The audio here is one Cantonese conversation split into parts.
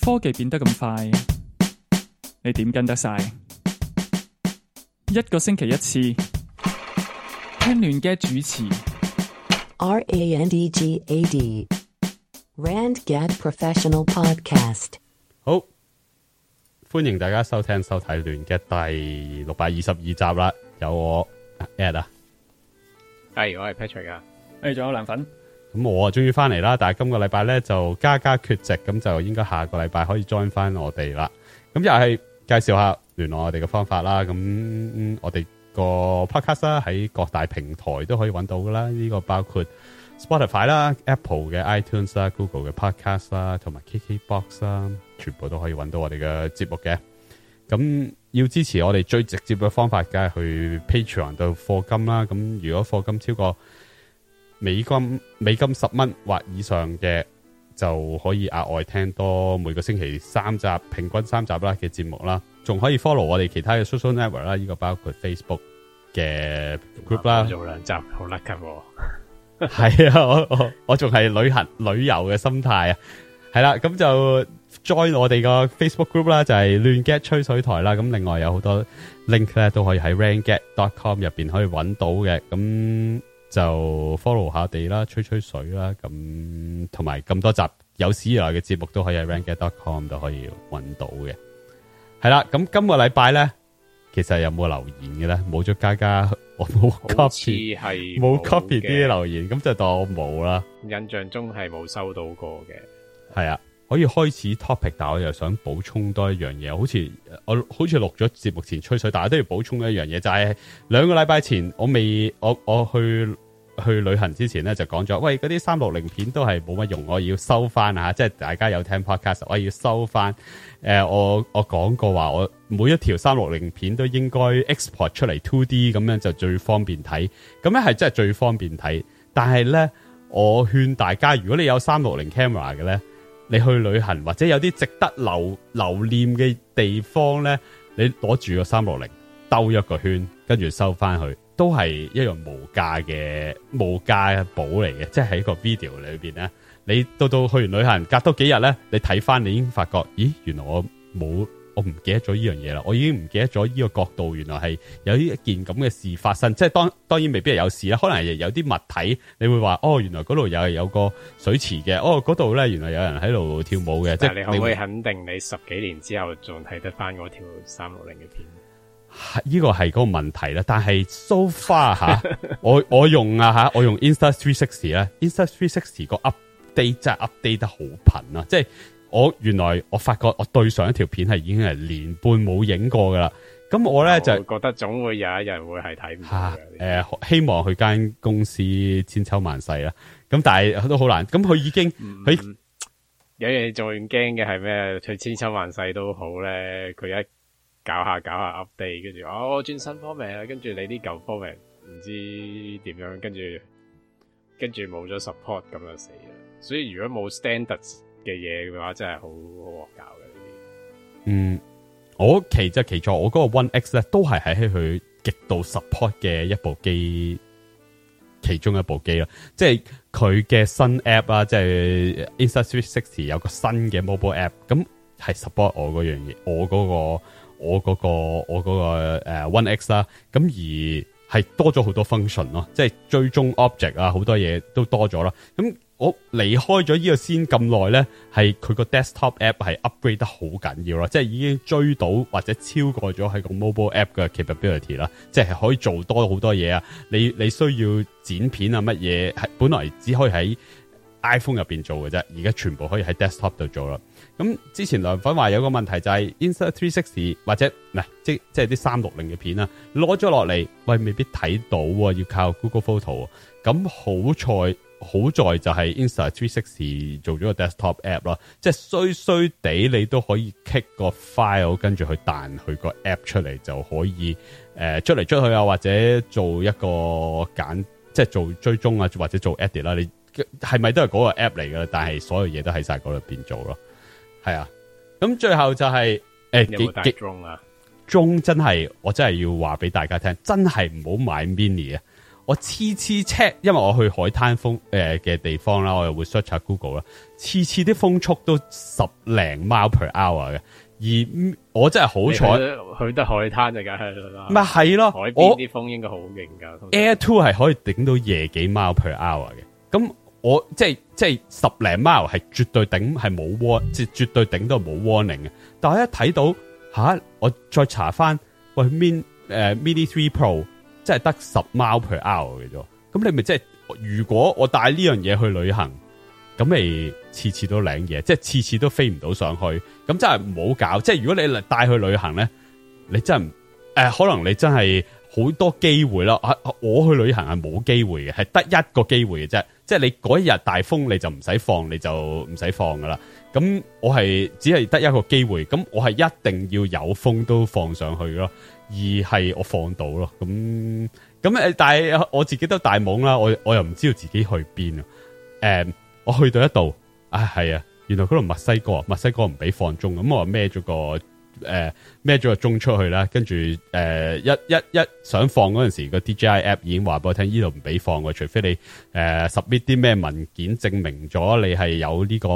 科技變得咁快，你點跟得晒？一個星期一次，聽亂嘅主持。R A N D G A D Rand Gad Professional Podcast。好，歡迎大家收聽收睇亂嘅第六百二十二集啦。有我 Ed 啊，係、哎、我係 Patrick 啊，誒，仲有藍份。咁我啊，終於翻嚟啦！但係今個禮拜咧就加加缺席，咁就應該下個禮拜可以 join 翻我哋啦。咁又係介紹下聯絡我哋嘅方法啦。咁我哋個 podcast 啦，喺各大平台都可以揾到噶啦。呢個包括 Spotify 啦、Apple 嘅 iTunes 啦、Google 嘅 podcast 啦，同埋 KKBox 啦，全部都可以揾到我哋嘅節目嘅。咁要支持我哋最直接嘅方法，梗係去 Patreon 度課金啦。咁如果課金超過，美金美金十蚊或以上嘅，就可以額外聽多每個星期三集，平均三集啦嘅節目啦，仲可以 follow 我哋其他嘅 social network 啦，呢個包括 Facebook 嘅 group 啦。做兩集好 lucky 喎。係啊，我我仲係旅行旅遊嘅心態啊。係啦，咁就 join 我哋個 Facebook group 啦，就係亂 get 吹水台啦。咁另外有好多 link 咧，都可以喺 rainget.com 入邊可以揾到嘅。咁。就 follow 下地啦，吹吹水啦，咁同埋咁多集有史以來嘅節目都可以喺 rangad.com 都可以揾到嘅。係啦，咁今個禮拜咧，其實有冇留言嘅咧？冇咗加加，我冇 copy，係冇 copy 啲留言，咁就當冇啦。印象中係冇收到過嘅。係啊，可以開始 topic，但我又想補充多一樣嘢，好似我好似錄咗節目前吹水，但係都要補充一樣嘢，就係、是、兩個禮拜前我未我我去。去旅行之前咧，就講咗，喂，嗰啲三六零片都係冇乜用，我要收翻啊！即係大家有聽 podcast，我要收翻。誒、呃，我我講過話，我每一條三六零片都應該 export 出嚟 two D，咁樣就最方便睇。咁樣係真係最方便睇。但係咧，我勸大家，如果你有三六零 camera 嘅咧，你去旅行或者有啲值得留留念嘅地方咧，你攞住個三六零兜一個圈，跟住收翻去。都係一樣無價嘅無價寶嚟嘅，即係喺個 video 裏邊咧，你到到去完旅行，隔多幾日咧，你睇翻，你已經發覺，咦，原來我冇，我唔記得咗呢樣嘢啦，我已經唔記得咗呢個角度，原來係有呢一件咁嘅事發生，即係當當然未必係有事啦，可能有有啲物體，你會話，哦,原來嗰度有有有個水池嘅，哦，嗰度咧原來有人喺度跳舞嘅，即係你可唔可以肯定你十幾年之後仲睇得翻嗰條三六零嘅片？係、這、呢個係個問題啦，但係 so far 吓、 啊，我我用啊吓，我用 Insta 360咧，Insta 360個 update 真係 update 得好頻啊！即、就、係、是、我原來我發覺我對上一條片係已經係年半冇影過噶啦，咁我咧就覺得總會有一日會係睇唔。誒、啊呃，希望佢間公司千秋萬世啦，咁但係都好難，咁佢已經佢、嗯、有樣嘢最驚嘅係咩？佢千秋萬世都好咧，佢一。搞下搞下 update，跟住哦轉新 form 跟住你啲舊 form 唔知點樣，跟住跟住冇咗 support 咁就死啦。所以如果冇 standards 嘅嘢嘅話，真係好好惡搞嘅呢啲。嗯，我其實，其實，我嗰個 One X 咧都係喺佢極度 support 嘅一部機，其中一部機啦即係佢嘅新 app 啦，即係 Insta360 有個新嘅 mobile app，咁係 support 我嗰樣嘢，我嗰、個。我嗰個我嗰個誒、uh, One X 啦，咁而係多咗好多 function 咯，即係追蹤 object 啊，好多嘢都多咗啦。咁我離開咗呢個先咁耐咧，係佢個 desktop app 係 upgrade 得好緊要啦，即係已經追到或者超過咗喺個 mobile app 嘅 capability 啦，即係可以做多好多嘢啊！你你需要剪片啊乜嘢，係本來只可以喺 iPhone 入邊做嘅啫，而家全部可以喺 desktop 度做啦。咁之前梁粉話有個問題就係 Insta 360或者即即係啲三六零嘅片啊，攞咗落嚟喂未必睇到喎，要靠 Google Photo、啊。咁好在好在就係 Insta 360做咗個 desktop app 啦、啊，即係衰衰地你都可以 kick 個 file，跟住去彈佢個 app 出嚟就可以誒、呃、出嚟出去啊，或者做一個揀，即係做追蹤啊，或者做 edit 啦、啊。你係咪都係嗰個 app 嚟噶？但係所有嘢都喺晒嗰度邊做咯。啊係啊，咁最後就係、是、誒，幾幾中真係，我真係要話俾大家聽，真係唔好買 mini 啊！我次次 check，因為我去海灘風誒嘅、呃、地方啦，我又會 search 下 Google 啦，次次啲風速都十零貓 per hour 嘅，而我真係好彩去得海灘就梗係啦，咪係咯，海邊啲風應該好勁㗎，Air Two 係可以頂到夜幾貓 per hour 嘅，咁。我即係即係十零 mile 係絕對頂係冇 warning，即係絕對頂都冇 warning 嘅。但係一睇到吓、啊，我再查翻喂 min 誒 Mini 3、呃、Pro，即係得十 mile per hour 嘅啫。咁你咪即係如果我帶呢樣嘢去旅行，咁咪次次都領嘢，即係次次都飛唔到上去。咁真係唔好搞。即係如果你帶去旅行咧，你真誒、呃、可能你真係好多機會啦。啊，我去旅行係冇機會嘅，係得一個機會嘅啫。即係你嗰一日大風，你就唔使放，你就唔使放噶啦，咁我係只係得一個機會，咁我係一定要有風都放上去咯，而係我放到咯，咁咁誒，但係我自己都大懵啦，我我又唔知道自己去邊啊，誒、嗯，我去到一度，啊係啊，原來嗰度墨西哥，墨西哥唔俾放中。咁我孭咗個。誒、呃，孭咗個鐘出去啦，跟住誒一一一想放嗰陣時，個 DJI app 已經話俾我聽，呢度唔俾放嘅，除非你誒、呃、submit 啲咩文件證明咗你係有呢個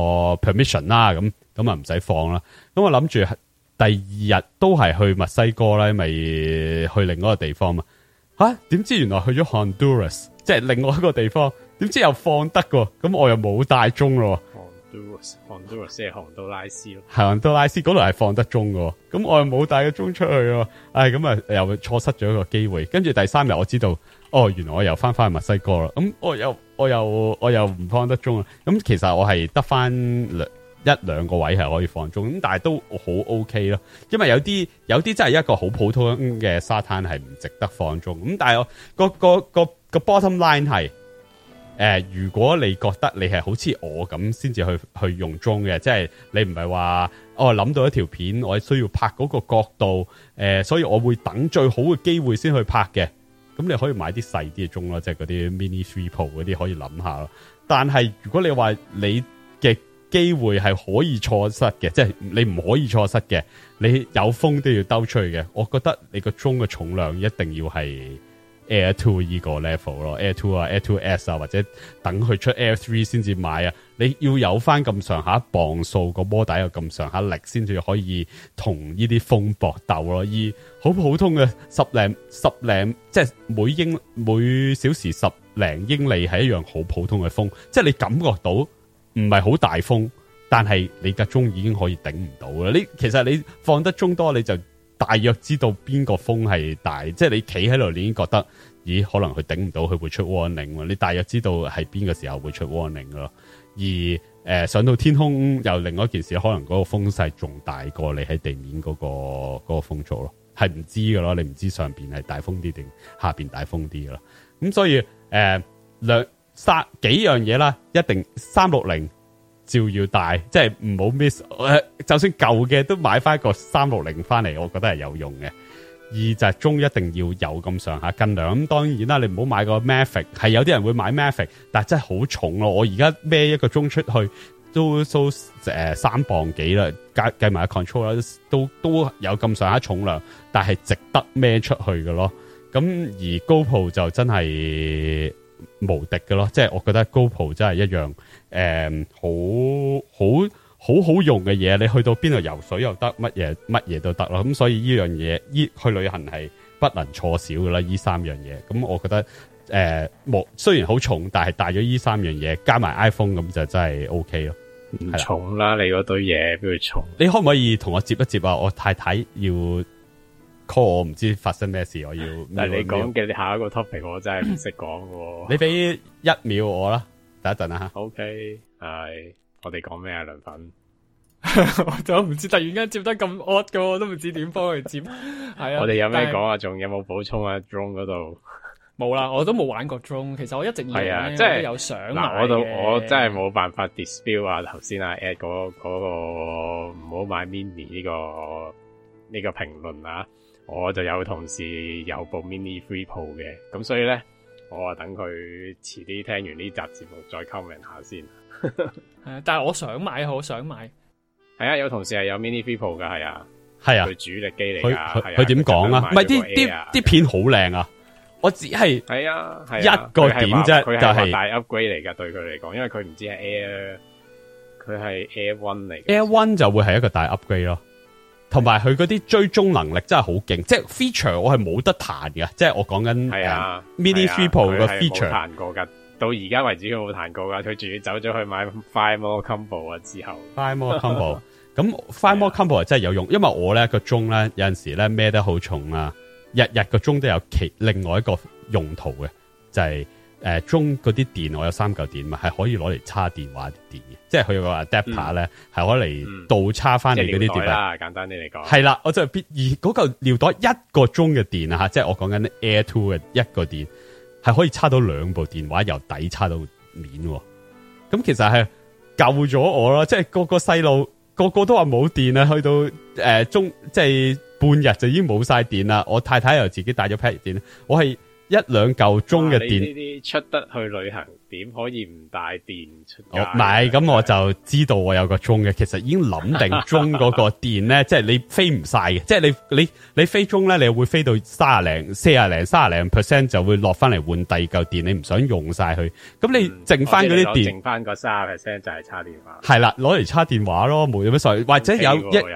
permission 啦，咁咁啊唔使放啦。咁我諗住第二日都係去墨西哥啦，咪去另一個地方嘛。吓、啊，點知原來去咗 Honduras，即係另外一個地方，點知又放得嘅，咁我又冇帶鐘咯。洪都拉斯咯，洪都拉斯嗰度係放得鐘嘅，咁我又冇帶個鐘出去喎，唉，咁啊又錯失咗一個機會。跟住第三日我知道，哦，原來我又翻翻去墨西哥啦，咁我又我又我又唔放得鐘啊，咁其實我係得翻兩一兩個位係可以放鐘，咁但係都好 OK 咯，因為有啲有啲真係一個好普通嘅沙灘係唔值得放鐘，咁但係我個個個個 bottom line 係。誒、呃，如果你覺得你係好似我咁先至去去用鐘嘅，即係你唔係話，哦，我諗到一條片，我需要拍嗰個角度，誒、呃，所以我會等最好嘅機會先去拍嘅。咁你可以買啲細啲嘅鐘咯，即係嗰啲 mini three pro 嗰啲可以諗下咯。但係如果你話你嘅機會係可以錯失嘅，即係你唔可以錯失嘅，你有風都要兜出去嘅。我覺得你個鐘嘅重量一定要係。Air two 呢個 level 咯，Air two 啊，Air two S 啊，或者等佢出 Air three 先至買啊。你要有翻咁上下磅數個波帶，有咁上下力先至可以同呢啲風搏鬥咯。而好普通嘅十零十零，即係每英每小時十零英里係一樣好普通嘅風，即係你感覺到唔係好大風，但係你個鐘已經可以頂唔到啦。你其實你放得鐘多你就。大約知道邊個風係大，即、就、係、是、你企喺度你已經覺得，咦？可能佢頂唔到，佢會出 warning。你大約知道係邊個時候會出 warning 咯。而誒、呃、上到天空又另外一件事，可能嗰個風勢仲、那個那個、大過你喺地面嗰、那個嗰、那個風速咯，係唔知㗎咯。你唔知上邊係大風啲定下邊大風啲咯。咁所以誒、呃、兩三幾樣嘢啦，一定三六零。360，照要帶，即係唔好 miss、呃。誒，就算舊嘅都買翻個個三六零翻嚟，我覺得係有用嘅。二就係鍾一定要有咁上下斤量。咁當然啦，你唔好買個 Mavic，係有啲人會買 Mavic，但真係好重咯。我而家孭一個鍾出去都都誒三磅幾啦，計計埋個 control 啦，都，呃、都，都有咁上下重量，但係值得孭出去嘅咯。咁而 GoPro 就真係～無敵嘅咯，即係我覺得 GoPro 真係一樣誒，好好好好用嘅嘢，你去到邊度游水又得，乜嘢乜嘢都得啦。咁所以呢樣嘢，依去旅行係不能錯少㗎啦。呢三樣嘢，咁我覺得誒，無、呃、雖然好重，但係帶咗呢三樣嘢，加埋 iPhone 咁就真係 OK 咯。唔重啦，你嗰堆嘢邊度重？你可唔可以同我接一接啊？我太太要。call 我唔知發生咩事，我要。但係你講嘅你下一個 topic 我真係唔識講喎。你俾一秒我啦，等一陣啦吓。O K，係我哋講咩啊？梁粉？我就唔 知突然間接得咁惡嘅，我都唔知點幫佢接。係 啊。我哋有咩講啊？仲有冇補充啊？drone 嗰度。冇啦，我都冇玩過 drone 其實我一直係啊，即係有想。嗱，我度我真係冇辦法 dispute 啊頭先啊 Ed 嗰嗰、那個唔好、那個、買 mini 呢、這個呢、這個評論啊。我就有同事有部 Mini Free Pro 嘅，咁所以咧，我等佢遲啲聽完呢集節目再 comment 下先。係 啊，但係我想買，我想買。係啊，有同事係有 Mini Free Pro 噶，係啊，係啊，佢主力機嚟噶。佢點講啊？唔係啲啲啲片好靚啊！我只係係啊，係一個點啫，佢就係、是、大 upgrade 嚟噶。對佢嚟講，因為佢唔知係 Air，佢係 Air One 嚟嘅。Air One 就會係一個大 upgrade 咯。同埋佢嗰啲追蹤能力真係好勁，即係 feature 我係冇得彈嘅，即係我講緊、啊。係啊，mini people 嘅 feature。彈、啊、過噶，到而家為止佢冇彈過噶，佢仲要走咗去買 five more combo 啊之後。five more combo，咁 five more combo 真係有用，因為我咧個鐘咧有陣時咧孭得好重啊，日日個鐘都有其另外一個用途嘅，就係、是。誒、呃，中嗰啲電，我有三嚿電嘛，係可以攞嚟插電話啲電嘅。即係佢個 adapter 咧係、嗯、可嚟倒插翻嚟嗰啲電嘅、嗯。即係袋啦，簡單啲嚟講。係啦，我就必而嗰嚿尿袋一個鐘嘅電啊吓，即係我講緊 Air two 嘅一個電係可以插到兩部電話，由底插到面。咁其實係救咗我啦，即係個個細路個個都話冇電啊，去到誒、呃、中即係半日就已經冇晒電啦。我太太又自己帶咗 pair 電，我係。一兩嚿鐘嘅電，呢啲出得去旅行，點可以唔帶電出？唔係，咁我就知道我有個鐘嘅，其實已經諗定鐘嗰個電咧，即係你飛唔曬嘅，即係你你你飛鐘咧，你會飛到三廿零、四廿零、三廿零 percent 就會落翻嚟換第二嚿電，你唔想用曬佢，咁你剩翻嗰啲電，剩翻個三廿 percent 就係叉電話，係啦，攞嚟叉電話咯，冇咩所謂，或者有一有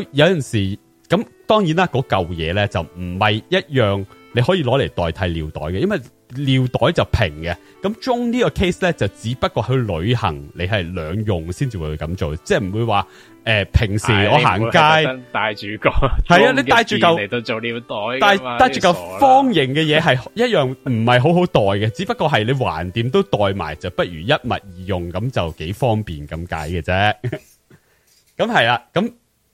有有陣時咁，當然啦，嗰嚿嘢咧就唔係一樣。你可以攞嚟代替尿袋嘅，因為尿袋就平嘅。咁中呢個 case 咧，就只不過去旅行，你係兩用先至會咁做，即係唔會話誒、呃、平時我行街帶住個係啊，你帶住嚿嚟到做尿袋，帶帶住個方形嘅嘢係一樣唔係好好袋嘅。 只不過係你橫掂都袋埋，就不如一物二用咁就幾方便咁解嘅啫。咁係啦，咁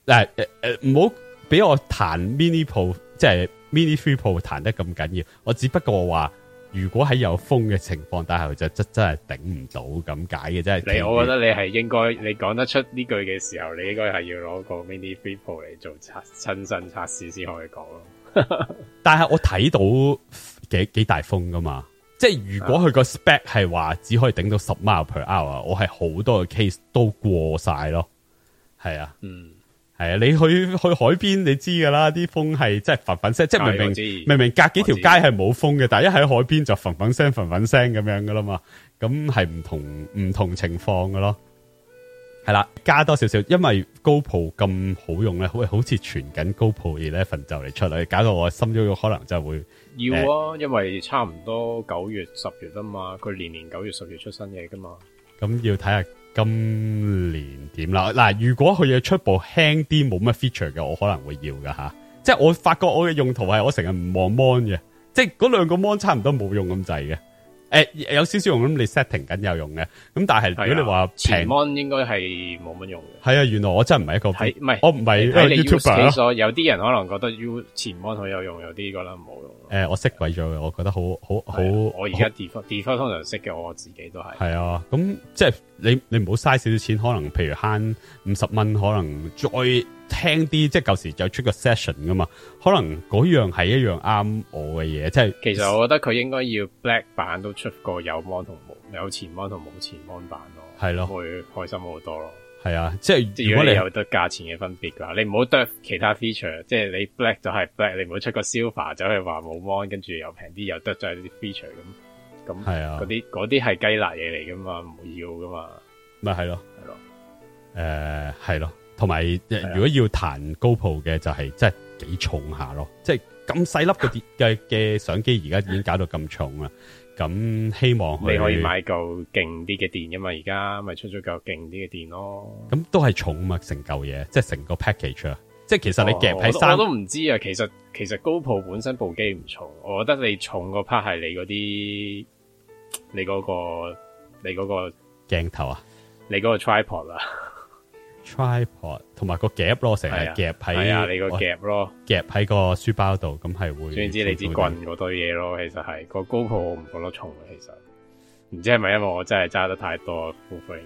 誒誒，唔好俾我彈 mini po 即係。Mini 3 Pro 彈得咁緊要，我只不過話如果喺有風嘅情況，但係就真真係頂唔到咁解嘅，真係。你。我覺得你係應該，你講得出呢句嘅時候，你應該係要攞個 Mini 3 Pro 嚟做測親身測試先可以講咯。 但係我睇到幾幾大風噶嘛，即係如果佢個 spec 係話只可以頂到十 mile per hour，我係好多嘅 case 都過晒咯。係啊，嗯。係啊，你去去海邊，你知噶啦，啲風係即係粉粉聲，即係明明明明隔幾條街係冇風嘅，但係一喺海邊就粉粉聲、粉粉聲咁樣噶啦嘛，咁係唔同唔同情況噶咯，係啦，加多少少，因為 GoPro 咁好用咧，好好似傳緊 GoPro Eleven 就嚟出嚟，搞到我心郁郁可能就會要啊、呃，因為差唔多九月十月啊嘛，佢年年九月十月出新嘢噶嘛，咁要睇下。今年點啦？嗱，如果佢嘅出部輕啲冇乜 feature 嘅，我可能會要噶吓啊，即係我發覺我嘅用途係我成日唔望 mon 嘅，即係嗰兩個 mon 差唔多冇用咁滯嘅。誒、欸，有少少用咁，你 setting 緊有用嘅，咁但係如果你話、啊、前 mon 應該係冇乜用嘅。係啊，原來我真係唔係一個，唔係我唔係。誒，你要睇所有啲人可能覺得 U 前 mon 好有用，有啲覺得冇用。誒、欸，我識鬼咗嘅，我覺得好好、啊、好。我而家 default default 通常識嘅，我自己都係。係啊，咁即係你你唔好嘥少少錢，可能譬如慳五十蚊，可能再。聽啲即係舊時就出個 session 噶嘛，可能嗰樣係一樣啱我嘅嘢，即係。其實我覺得佢應該要 black 版都出過有芒同冇有前芒同冇前芒版咯，係咯，會開心好多咯。係啊，即係如，如果你有得價錢嘅分別噶，你唔好得其他 feature，即係你 black 就係 black，你唔好出個 silver 走去話冇芒，跟住又平啲又得就再啲 feature 咁，咁係啊，嗰啲嗰啲係雞肋嘢嚟噶嘛，唔會要噶嘛，咪係咯，係咯、啊，誒、啊，係、嗯、咯。同埋，如果要彈 GoPro 嘅，就係真係幾重下咯，即係咁細粒嘅電嘅嘅相機，而家已經搞到咁重啦，咁希望你可以買嚿勁啲嘅電啊嘛，而家咪出咗嚿勁啲嘅電咯。咁都係重嘛，成嚿嘢，即係成個 package 啊！即係其實你夾喺三我都唔知啊。其實其實 GoPro 本身部機唔重，我覺得你重個 part 係你嗰啲，你嗰個你嗰個鏡頭啊，你嗰個 tripod 啊。tripod 同埋個夾咯，成日夾喺你個夾咯，夾喺個書包度，咁係會。總之你支棍嗰堆嘢咯，其實係個 GoPro 唔覺得重啊，其實唔知係咪因為我真係揸得太多，full frame。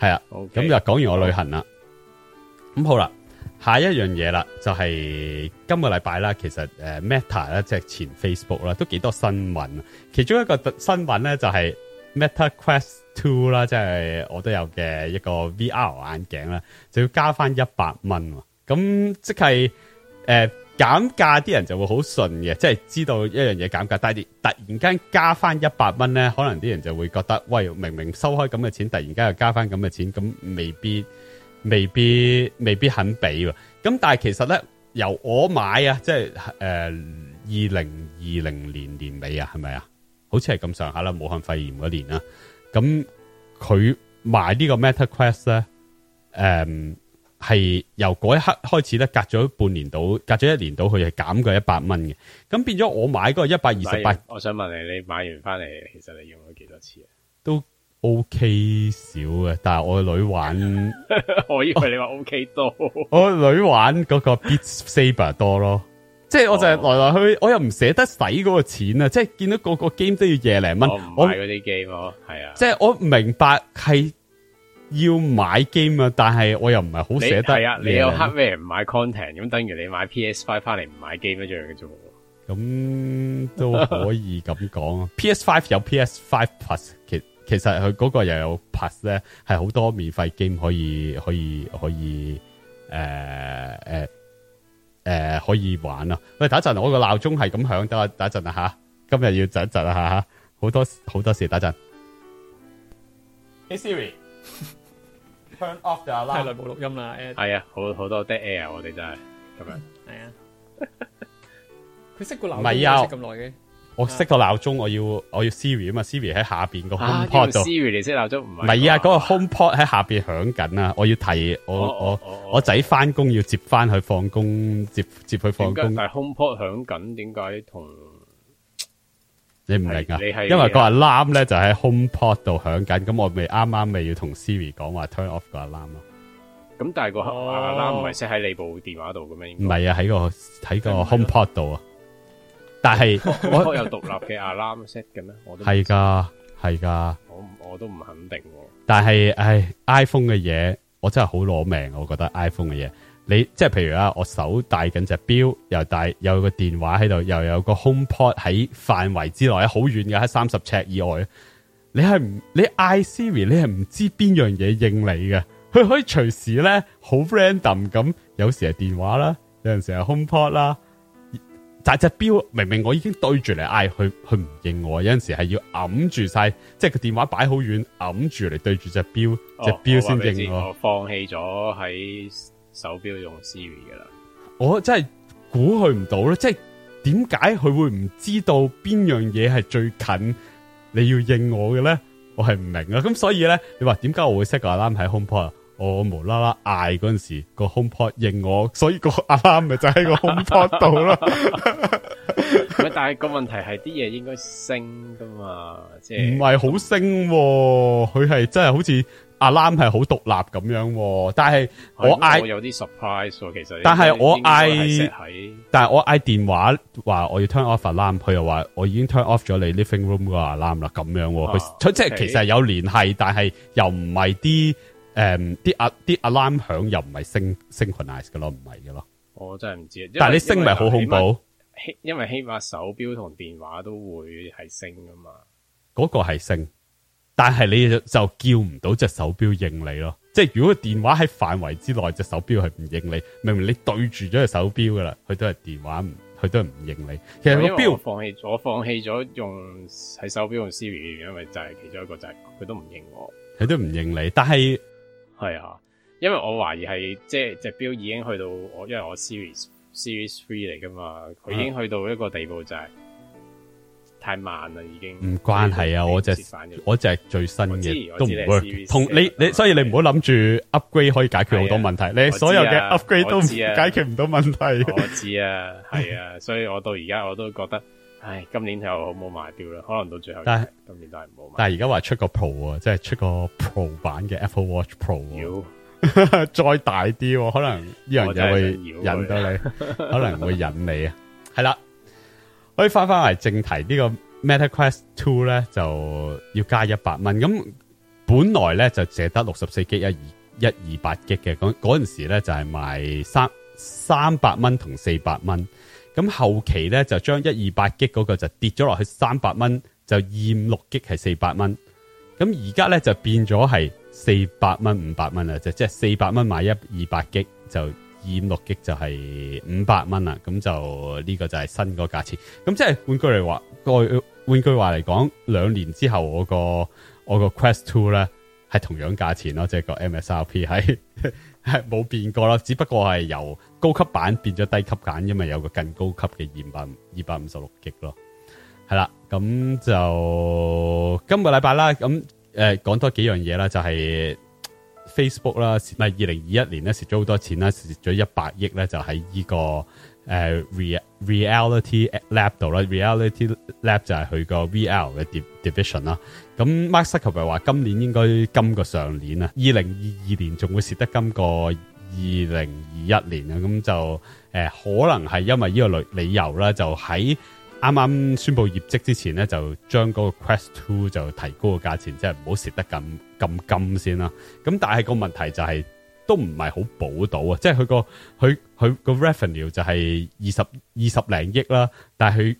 係 啊，咁、okay, 就講完我旅行啦。咁、uh. 好啦，下一樣嘢啦，就係、是、今個禮拜啦，其實誒 Meta 咧，即係前 Facebook 啦，都幾多新聞，其中一個新聞咧就係 Meta Quest。two 啦，即係我都有嘅一個 VR 眼鏡啦，就要加翻一百蚊。咁即係誒，減價啲人就會好順嘅，即係知道一樣嘢減價，但係突然間加翻一百蚊咧，可能啲人就會覺得喂，明明收開咁嘅錢，突然間又加翻咁嘅錢，咁未必、未必、未必肯俾。咁但係其實咧，由我買啊，即係誒，二零二零年年尾啊，係咪啊？好似係咁上下啦，武漢肺炎嗰年啊。咁佢買個呢個 Meta Quest 咧，誒、嗯，係由嗰一刻開始咧，隔咗半年到，隔咗一年到，佢係減過一百蚊嘅。咁變咗我買嗰個一百二十八，我想問你，你買完翻嚟，其實你用咗幾多次啊？都 OK 少嘅，但係我女玩， 我以為你話 OK 多，我， 我女玩嗰個 Beat Saber 多咯。即係我就係來來去，我又唔捨得使嗰、oh. 個錢、oh, 啊！即係見到個個 game 都要廿零蚊，我唔買嗰啲 game 咯，係啊！即係我明白係要買 game 啊，但係我又唔係好捨得。你係啊？你有 hardware 唔買 content，咁等於你買 PS Five 翻嚟，唔買 game 一樣嘅啫。咁都可以咁講啊！PS Five 有 PS Five Plus，其其實佢嗰個又有 Plus 咧，係好多免費 game 可以可以可以誒誒。呃呃誒、呃，可以玩啊！喂，等一陣，我個鬧鐘係咁響，等下等一陣啊吓，今日要窒一窒啊吓，好多好多事，打陣。Hey Siri，turn off 就拉，太耐冇錄音啦。係啊，好好多 dead air，我哋真係咁樣。係啊，佢識個鬧鐘，識咁耐嘅。我 set 個鬧鐘，我要我要 Siri 嘛啊嘛，Siri 喺下邊、啊啊那個 home pod 度。Siri 嚟 set 鬧鐘唔係啊，嗰個 home pod 喺下邊響緊啊、嗯，我要提、哦、我、哦、我、哦、我仔翻工要接翻去放工，接接去放工。但係 home pod 響緊，點解同你唔明啊？你係因為、那個 alarm 咧就喺 home pod 度響緊，咁我咪啱啱咪要同 Siri 講話 turn off、啊啊啊、但個 alarm 咯。咁但係個 alarm 唔係 set 喺你部電話度咁咩？唔係啊，喺個喺個 home pod 度啊。但係我有獨立嘅 alarm set 嘅咩？係噶，係噶。我唔， 我都唔肯定，哦。但係，唉，iPhone 嘅嘢，我真係好攞命。我覺得 iPhone 嘅嘢，你即係譬如啊，我手戴緊隻錶，又帶有個電話喺度，又有個 HomePod 喺範圍之內，好遠嘅，喺三十尺以外。你係唔你 Siri，你係唔知邊樣嘢應你嘅，佢可以隨時咧好 random 咁，有時係電話啦，有陣時係 HomePod 啦。但隻表明明我已經對住嚟嗌佢，佢唔認我，有陣時係要揞住晒，即係個電話擺好遠揞住嚟對住隻表，隻表先認我。我放棄咗喺手表用 Siri 噶啦，我真係估佢唔到咧，即係點解佢會唔知道邊樣嘢係最近你要認我嘅咧？我係唔明啊。咁所以咧，你話點解我會 set 個 alarm 喺 HomePod 啊？我無啦啦嗌嗰陣時，個 homepod 應我，所以個 alarm 咪就喺個 homepod 度啦 就是。但係個問題係啲嘢應該升噶嘛，即係唔係好升，佢係真係好似 alarm 係好獨立咁樣。但係我嗌我有啲 surprise，其實但係我嗌，但係我嗌電話話我要 turn off alarm，佢又話我已經 turn off 咗你 living room 個 alarm 啦，咁樣佢即係其實有聯繫，但係又唔係啲。誒、um, 啊，啲啲 alarm 響又唔係 sync synchronize 㗎咯，唔係嘅咯。我真係唔知。但係你升咪好恐怖，因為起碼手表同電話都會係升噶嘛。嗰、嗰個係升，但係你就叫唔到隻手表應你咯。即係如果電話喺範圍之內，隻手表係唔應你，明明你對住咗隻手表噶啦，佢都係電話，佢都唔應你。其實個我放棄咗，我放棄咗用喺手表用 Siri 嘅原因，為就係其中一個就係、是、佢都唔應我，佢都唔應你，但係。係啊，因為我懷疑係即係隻表已經去到我，因為我 series series three 嚟噶嘛，佢已經去到一個地步就係、是、太慢啦、啊，已經唔關係啊，我隻我隻最新嘅都唔 work，同你你所以你唔好諗住 upgrade 可以解決好多問題，啊啊、你所有嘅 upgrade 都解決唔到問題。我知啊，係啊， 啊，所以我到而家我都覺得。唉，今年好冇買掉啦，可能到最後。但係今年都係唔好買。但係而家話出個 Pro 喎、啊，即係出個 Pro 版嘅 Apple Watch Pro，、啊、 再大啲、啊，可能呢樣嘢會引到你， 可能會引你啊。係啦，可以返返嚟正題，這個、呢個 Meta Quest Two 咧就要加一百蚊。咁本來咧就借得六十四 G 一二一二八 G 嘅，嗰陣時咧就係、是、賣三三百蚊同四百蚊。咁後期咧就將一二百擊嗰個就跌咗落去三百蚊，就二五六擊係四百蚊。咁而家咧就變咗係四百蚊五百蚊啦，就即係四百蚊買一二百擊，200GB，就二五六擊就係五百蚊啦。咁就呢個就係新個價錢。咁即係換句嚟話，換句話嚟講，兩年之後我個我個 Quest Two 咧係同樣價錢咯，即係個 MSRP 係係冇變過啦，只不過係由。高級版變咗低級版，因為有個更高級嘅二百二百五十六 G 咯，係啦，咁就今個禮拜啦，咁誒講多幾樣嘢啦，就係、是、Facebook 啦，唔係二零二一年咧蝕咗好多錢啦，蝕咗一百億咧，就喺呢、這個誒、呃、reality lab 度啦，reality lab 就係佢個 VL 嘅 division 啦，咁 Mark Zuckerberg 又話今年應該今個上年啊，二零二二年仲會蝕得今、這個。二零二一年啊，咁就誒、呃，可能係因為呢個理理由啦，就喺啱啱宣布業績之前咧，就將嗰個 Quest 2就提高個價錢，即係唔好蝕得咁咁金先啦。咁但係個問題就係、是、都唔係好補到啊，即係佢個佢佢個 Revenue 就係二十二十零億啦，但係佢。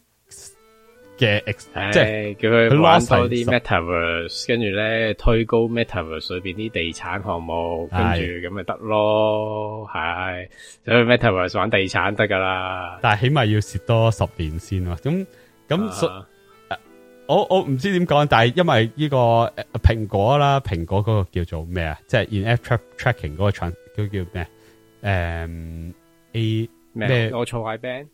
嘅，即係叫佢玩多啲 Metaverse，跟住咧推高 Metaverse 裏邊啲地產項目，跟住咁咪得咯，係，係，所以 Metaverse 玩地產得噶啦。但係起碼要蝕多十年先啊，咁咁，我我唔知點講，但係因為呢個蘋果啦，蘋果嗰個叫做咩啊，即係 In Air Tracking 嗰個廠叫叫咩？誒，A 咩？我錯壞 band。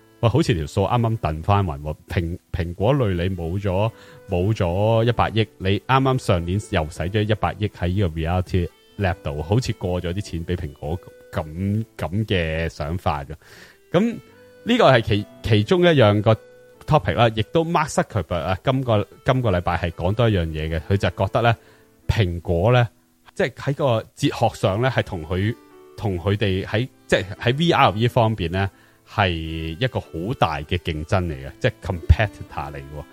喂，好似條數啱啱掟翻雲喎。蘋果類你冇咗冇咗一百億，你啱啱上年又使咗一百億喺呢個 Reality Labs 度，好似過咗啲錢俾蘋果咁咁嘅想法㗎。咁呢個係其其中一樣個 topic 啦，亦都 Mark Zuckerberg 啊，今個今個禮拜係講多一樣嘢嘅，佢就覺得咧蘋果咧，即係喺個哲學上咧，係同佢同佢哋喺即係喺 VR 呢方面咧。係一個好大嘅競爭嚟嘅，就是，即係 competitor 嚟嘅。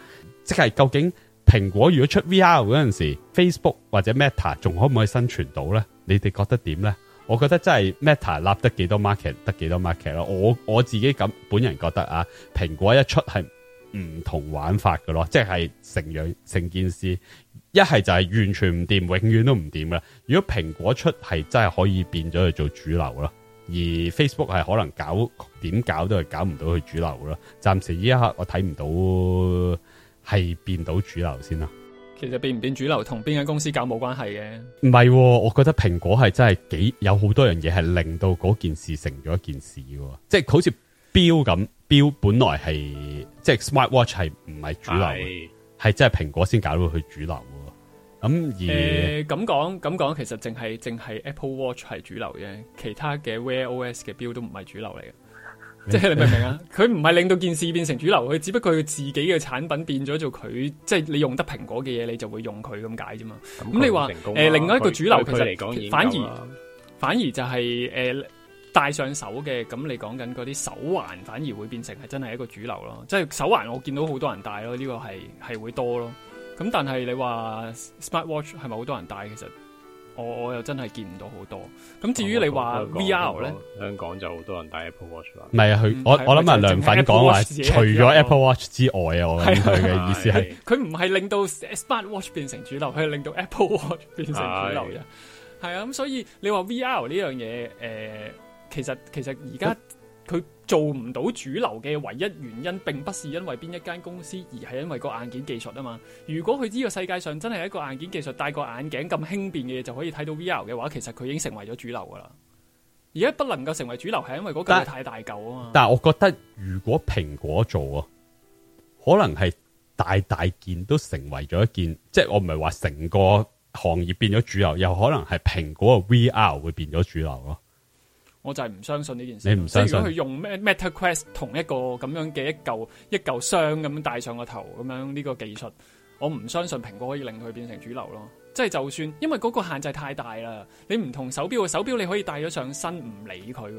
即係究竟蘋果如果出 VR 嗰陣時，Facebook 或者 Meta 仲可唔可以生存到呢？你哋覺得點呢？我覺得真係 Meta 立得幾多 market 得幾多 market 咯。我我自己咁本人覺得啊，蘋果一出係唔同玩法噶咯，即係成樣成件事。一係就係完全唔掂，永遠都唔掂啦。如果蘋果出係真係可以變咗去做主流咯，而 Facebook 係可能搞。點搞都係搞唔到佢主流噶啦，暫時依一刻我睇唔到係變到主流先啦。其實變唔變主流同邊間公司搞冇關係嘅。唔係，哦，我覺得蘋果係真係幾有好多樣嘢係令到嗰件事成咗一件事嘅，即係好似錶咁，錶本來係即係 smart watch 係唔係主流，係真係蘋果先搞到佢主流。咁而誒咁講咁講，其實淨係淨係 Apple Watch 係主流嘅，其他嘅 Wear OS 嘅錶都唔係主流嚟嘅。即係你明唔明啊？佢唔係令到件事變成主流，佢只不過佢自己嘅產品變咗做佢，即係你用得蘋果嘅嘢，你就會用佢咁解啫嘛。咁你話誒，另外一個主流講、啊、其實反而反而就係、是、誒、呃、戴上手嘅。咁你講緊嗰啲手環反而會變成係真係一個主流咯。即係手環我見到好多人戴咯，呢、呢個係係會多咯。咁但係你話 smart watch 係咪好多人戴？其實。我我又真係見唔到好多，咁至於你話 VR 咧，哦、香港就好多人戴 Apple Watch，唔係佢，我、嗯、我諗埋、啊啊、梁粉講話，除咗 Apple Watch 之外啊，我諗佢嘅意思係佢唔係令到 Smart Watch 變成主流，佢係令到 Apple Watch 變成主流嘅，係啊，咁、啊啊、所以你話 VR 呢樣嘢，其實其實而家。佢做唔到主流嘅唯一原因，並不是因為邊一間公司，而係因為個硬件技術啊嘛。如果佢知個世界上真係一個硬件技術戴個眼鏡咁輕便嘅嘢就可以睇到 VR 嘅話，其實佢已經成為咗主流噶啦。而家不能夠成為主流，係因為嗰嚿太大嚿啊嘛。但係我覺得如果蘋果做啊，可能係大大件都成為咗一件，即係我唔係話成個行業變咗主流，又可能係蘋果嘅 VR 會變咗主流咯。我就係唔相信呢件事。你唔相信？即係如果佢用 Meta Quest 同一個咁樣嘅一嚿一嚿箱咁樣帶上個頭咁樣呢個技術，我唔相信蘋果可以令佢變成主流咯。即係就算，因為嗰個限制太大啦。你唔同手錶嘅手錶，你可以戴咗上身唔理佢。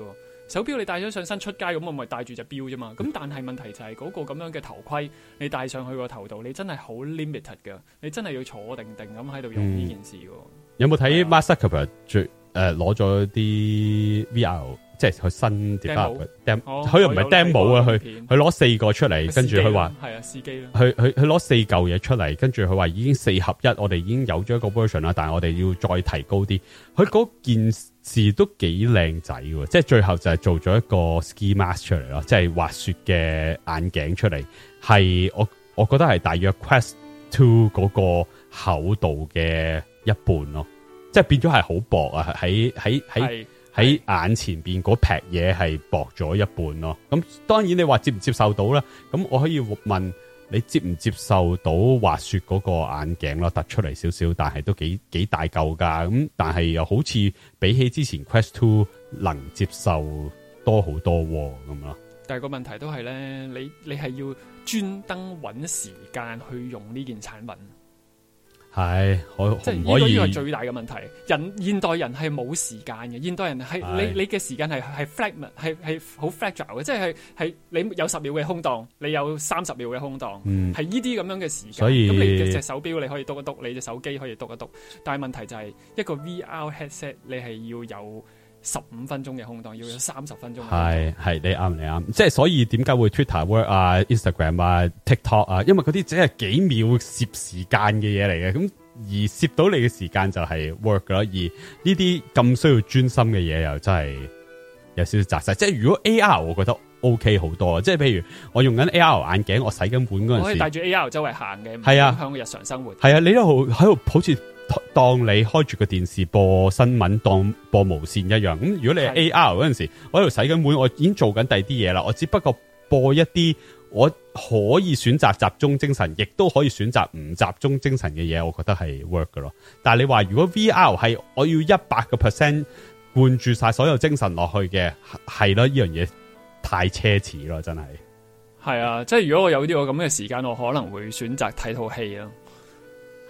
手錶你戴咗上身出街咁，我咪戴住隻錶啫嘛。咁但係問題就係嗰個咁樣嘅頭盔，你戴上去個頭度，你真係好 limited 嘅。你真係要坐定定咁喺度用呢件事。嗯、有冇睇 Microsoft 誒、呃，攞咗啲 VR，即係佢新 develop 嘅 demo 佢又唔係 demo 啊、oh,，佢佢攞四個出嚟，跟住佢話係啊，司機佢佢佢攞四嚿嘢出嚟，跟住佢話已經四合一，我哋已經有咗一個 version 啦，但係我哋要再提高啲。佢嗰件事都幾靚仔，即係最後就係做咗一個 ski mask 出嚟咯，即係滑雪嘅眼鏡出嚟，係我我覺得係大約 Quest 2嗰個厚度嘅一半咯。即係變咗係好薄啊！喺喺喺喺眼前邊嗰撇嘢係薄咗一半咯。咁當然你話接唔接受到呢？咁我可以問你接唔接受到滑雪嗰個眼鏡咯？突出嚟少少，但係都幾幾大嚿噶。咁但係又好似比起之前 Quest Two 能接受多好多咁咯。但係個問題都係咧，你你係要專登揾時間去用呢件產品。係，我即係呢個呢個最大嘅問題。人現代人係冇時間嘅，現代人係你你嘅時間係係 fragment，係係好 fragile 嘅，即係係係你有十秒嘅空檔，你有三十秒嘅空檔，係呢啲咁樣嘅時間。所以咁你隻手錶你可以篤一篤，你隻手機可以篤一篤，但係問題就係一個 VR headset 你係要有。十五分鐘嘅空檔，要有三十分鐘，係係你啱，你啱，即係所以點解會 Twitter work 啊、Instagram 啊、TikTok 啊，因為嗰啲只係幾秒攝時間嘅嘢嚟嘅，咁而攝到你嘅時間就係 work 噶啦，而呢啲咁需要專心嘅嘢又真係有少少窄晒。即係如果 AR，我覺得 OK 好多，即係譬如我用緊 AR 眼鏡，我洗緊碗嗰陣時，我可以帶住 AR 周圍行嘅，係啊，響日常生活，係啊，你又喺度好似。當你開住個電視播新聞，當播無線一樣。咁如果你係 A R 嗰陣時，我喺度洗緊碗，我已經做緊第二啲嘢啦。我只不過播一啲，我可以選擇集中精神，亦都可以選擇唔集中精神嘅嘢。我覺得係 work 噶咯。但係你話如果 V R 係我要一百個 percent 灌注晒所有精神落去嘅，係咯呢樣嘢太奢侈咯，真係。係啊，即係如果我有啲我咁嘅時間，我可能會選擇睇套戲咯。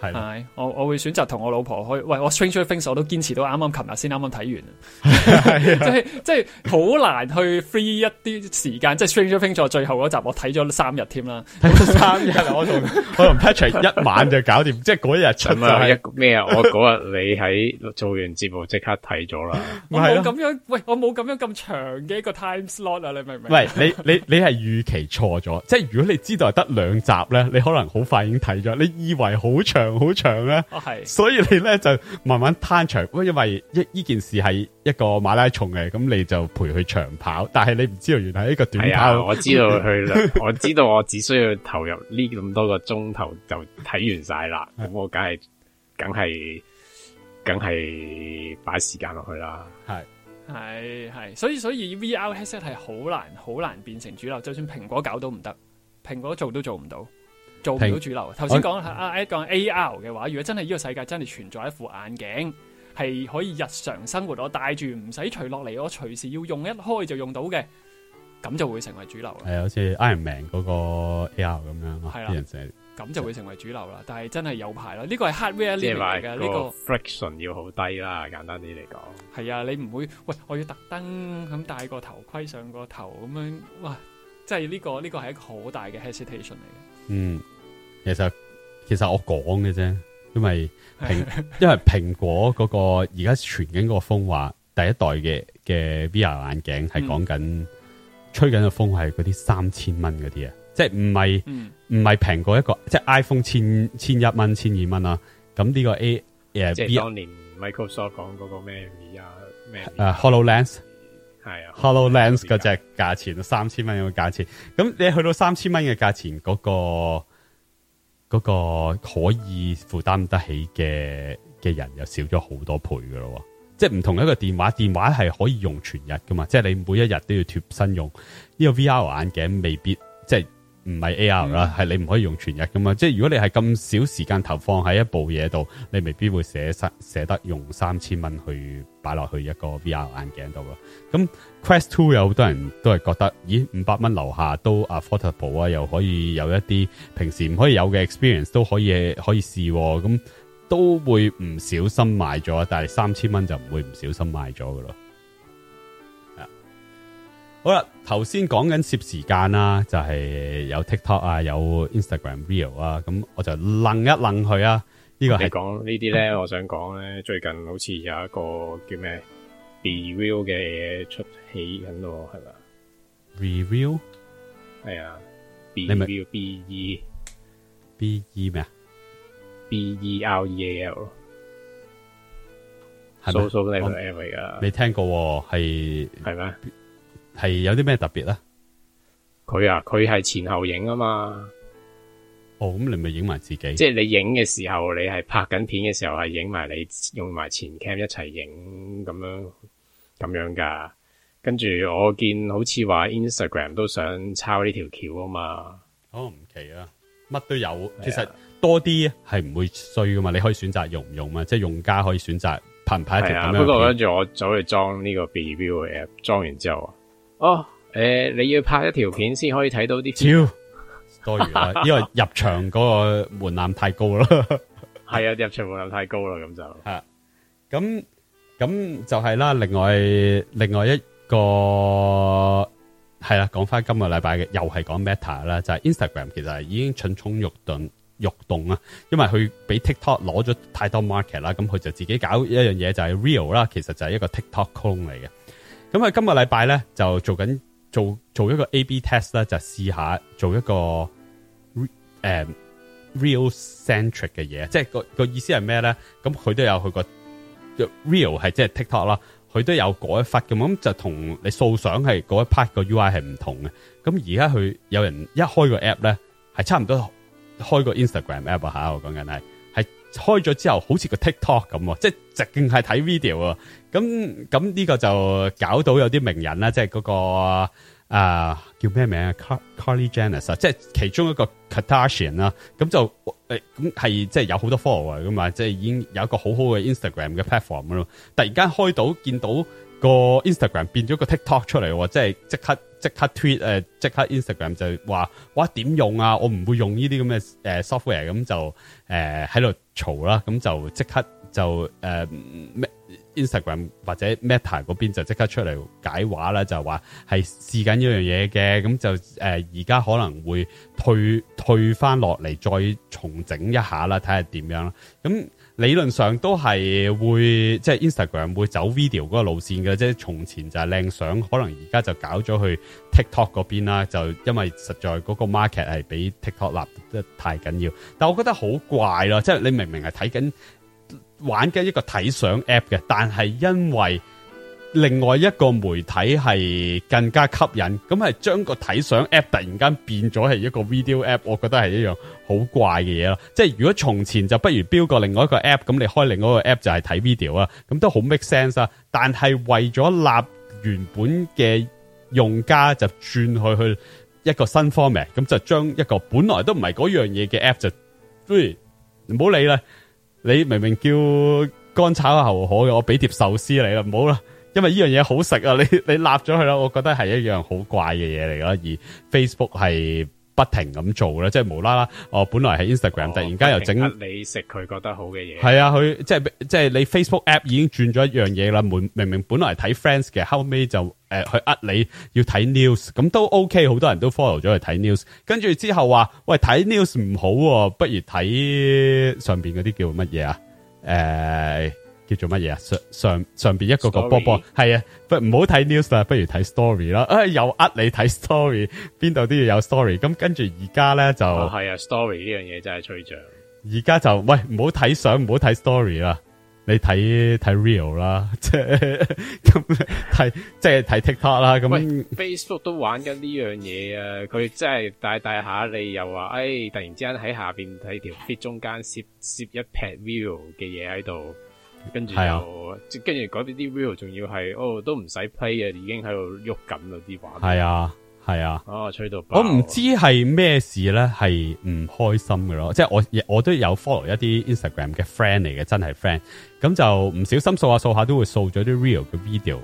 係，我我會選擇同我老婆去，喂，我 Stranger Things 我都堅持到啱啱琴日先啱啱睇完，即係即係好難去 free 一啲時間，即係 Stranger Things 最後嗰集我睇咗三日添啦，三日 我同和 我同 Patrick 一晚就搞掂， 即係嗰日出咪咩啊？我嗰日你喺做完節目即刻睇咗啦， 我冇咁樣，喂，我冇咁樣咁長嘅一個 time slot 啊，你明唔明？喂，你你你係預期錯咗， 即係如果你知道係得兩集咧，你可能好快已經睇咗，你以為好長。好長咧，哦，所以你咧就慢慢攤長，因為呢件事係一個馬拉松嘅，咁你就陪佢長跑。但係你唔知道原來呢個短跑。啊、我知道佢， 我知道我只需要投入呢咁多個鐘頭就睇完晒啦。咁我梗係，梗係，梗係擺時間落去啦。係係係，所以所以 V R headset 係好難好難變成主流，就算蘋果搞都唔得，蘋果做都做唔到。做唔到主流。頭先講下，講 A R 嘅話，如果真係呢個世界真係存在一副眼鏡，係可以日常生活我戴住，唔使除落嚟，我隨時要用一開就用到嘅，咁就會成為主流。係啊，好似 Iron Man 嗰個 A R 咁樣，係啊，咁就會成為主流啦。但係真係有排咯，呢個係 hardware 嚟嘅，呢個 friction 要好低啦。簡單啲嚟講，係啊，你唔會喂，我要特登咁戴個頭盔上個頭咁樣，哇！即係呢個呢個係一個好大嘅 hesitation 嚟嘅。嗯，其實其實我講嘅啫，因為蘋 因為蘋果嗰、那個而家傳緊嗰個風話，第一代嘅嘅 VR 眼鏡係講緊吹緊嘅風係嗰啲三千蚊嗰啲啊，即係唔係唔係平過一個即係 iPhone 千千一蚊、千二蚊啊，咁、這、呢個 A 誒、uh, 即當年 B, Microsoft 講嗰個咩啊誒 HoloLens。係啊，HoloLens 嗰隻價錢三千蚊嘅價錢，咁、嗯、你去到三千蚊嘅價錢，嗰、嗰個嗰、嗰個可以負擔得起嘅嘅人又少咗好多倍噶咯，即係唔同一個電話，電話係可以用全日噶嘛，即係你每一日都要貼身用，呢、呢個 VR 眼鏡未必即係。唔係 AR 啦、嗯，係你唔可以用全日噶嘛，即係如果你係咁少時間投放喺一部嘢度，你未必會捨得捨得用三千蚊去擺落去一個 VR 眼鏡度咯。咁 Quest 2有好多人都係覺得，咦，五百蚊樓下都啊 affordable 啊，又可以有一啲平時唔可以有嘅 experience 都可以可以試，咁都會唔小心買咗，但係三千蚊就唔會唔小心買咗噶咯。好啦，頭先講緊攝時間啦，就係、是、有 TikTok 啊，有 Instagram Reel 啊，咁我就楞一楞佢啊。這個、你呢個係呢啲咧，我想講咧，最近好似有一個叫咩 Be Real 嘅嘢出起緊咯，係啦，r e v i e w 係啊，Be Real B E B E 咩？B E R E A L，掃掃你個 A M 而家，你聽過係係咩？係有啲咩特別咧？佢啊，佢係前後影啊嘛。哦，咁你咪影埋自己。即係你影嘅時候，你係拍緊片嘅時候，係影埋你用埋前 Cam 一齊影咁樣咁樣噶。跟住我見好似話 Instagram 都想抄呢條橋啊嘛。好、哦、唔奇啊，乜都有、啊。其實多啲係唔會衰噶嘛。你可以選擇用唔用啊，即係用家可以選擇拍唔拍一條片。係啊，不過跟住我走去裝呢個 Beview app，裝完之後。哦，誒，你要拍一條片先可以睇到啲超多餘啦，因為入場嗰個門檻太高啦。係啊，入場門檻太高啦，咁就吓，咁咁就係啦。另外另外一個係啦，講翻今日禮拜嘅，又係講 Meta 啦，就係 Instagram，其實已經蠢蠢欲動欲動啦，因為佢俾 TikTok 攞咗太多 market 啦，咁佢就自己搞一樣嘢就係 Reels 啦，其實就係一個 TikTokclone 嚟嘅。咁啊，今個禮拜咧就做緊做做一個 AB test 啦，就試下做一個誒、啊、real centric 嘅嘢，即係個個意思係咩咧？咁佢都有佢個 real 係即係 TikTok 啦，佢都有改一忽咁，咁就你數同你搜相係嗰一 part 個 UI 係唔同嘅。咁而家佢有人一開個 app 咧，係差唔多開個 Instagram app 啊吓，我講緊係。開咗之後，好似個 TikTok 咁、啊，即係直徑係睇 video 啊！咁咁呢個就搞到有啲名人啦、啊，即係嗰、那個啊叫咩名啊 Car,？Carly Janice，啊即係其中一個 Kardashian 啦、啊。咁就誒，咁係即係有好多 follower 咁嘛，即係已經有一個好好嘅 Instagram 嘅 platform 咯。突然間開到見到。個 Instagram 變咗個 TikTok 出嚟喎，即係即刻即刻 Tweet 誒，即刻 Instagram 就話，哇點用啊？我唔會用呢啲咁嘅 software，咁就誒喺度嘈啦，咁、呃、就即刻就誒、呃、Instagram 或者 Meta 嗰邊就即刻出嚟解話啦，就話係試緊呢樣嘢嘅，咁就誒而家可能會退退翻落嚟，再重整一下啦，睇下點樣啦，咁。理論上都係會即係 Instagram 會走 video 嗰個路線嘅，即係從前就係靚相，可能而家就搞咗去 TikTok 嗰邊啦。就因為實在嗰個 market 係畀 TikTok 立得太緊要，但我覺得好怪咯，即係你明明係睇緊玩緊一個睇相 app 嘅，但係因為。另外一個媒體係更加吸引，咁係將個睇相 app 突然間變咗係一個 video app，我覺得係一樣好怪嘅嘢咯。即係如果從前就不如標個另外一個 app 咁你開另外一個 app 就係睇 video 啊，咁都好 make sense 啊。但係為咗立原本嘅用家就轉去去一個新 format，咁就將一個本來都唔係嗰樣嘢嘅 app 就，不如唔好理啦。你明明叫乾炒牛河嘅，我俾碟壽司你啦，唔好啦。因為呢樣嘢好食啊，你你立咗佢啦，我覺得係一樣好怪嘅嘢嚟啦。而 Facebook 係不停咁做啦，即係無啦啦、呃，哦，本來係 Instagram，突然間又整你食佢覺得好嘅嘢。係啊，佢即係即係你 Facebook app 已經轉咗一樣嘢啦。明明明本來睇 Friends 嘅，後尾就誒、呃、去呃你要睇 news，咁都 OK，好多人都 follow 咗去睇 news。跟住之後話喂，睇 news 唔好、啊，不如睇上邊嗰啲叫乜嘢啊？誒、呃。叫做乜嘢啊？上上上邊一個個波波係啊，不唔好睇 news 啦，不如睇 story 啦。誒、哎，又呃你睇 story 邊度都要有 story。咁跟住而家咧就係啊，story 呢樣嘢真係吹漲。而家就喂唔好睇相，唔好睇 story 啦，你睇睇 real 啦， 即係咁即係睇 TikTok 啦。咁 Facebook 都玩緊呢樣嘢啊，佢真係大大下你又話誒、哎，突然之間喺下邊睇條 fit 中間攝攝一 pad view 嘅嘢喺度。跟住又、啊，跟住嗰啲 real，仲要係哦，都唔使 play 嘅，已經喺度喐緊啦啲話係啊，係啊、哦，吹到我唔知係咩事咧，係唔開心嘅咯。即係我，我都有 follow 一啲 Instagram 嘅 friend 嚟嘅，真係 friend。咁就唔小心掃下掃下，都會掃咗啲 real 嘅 video。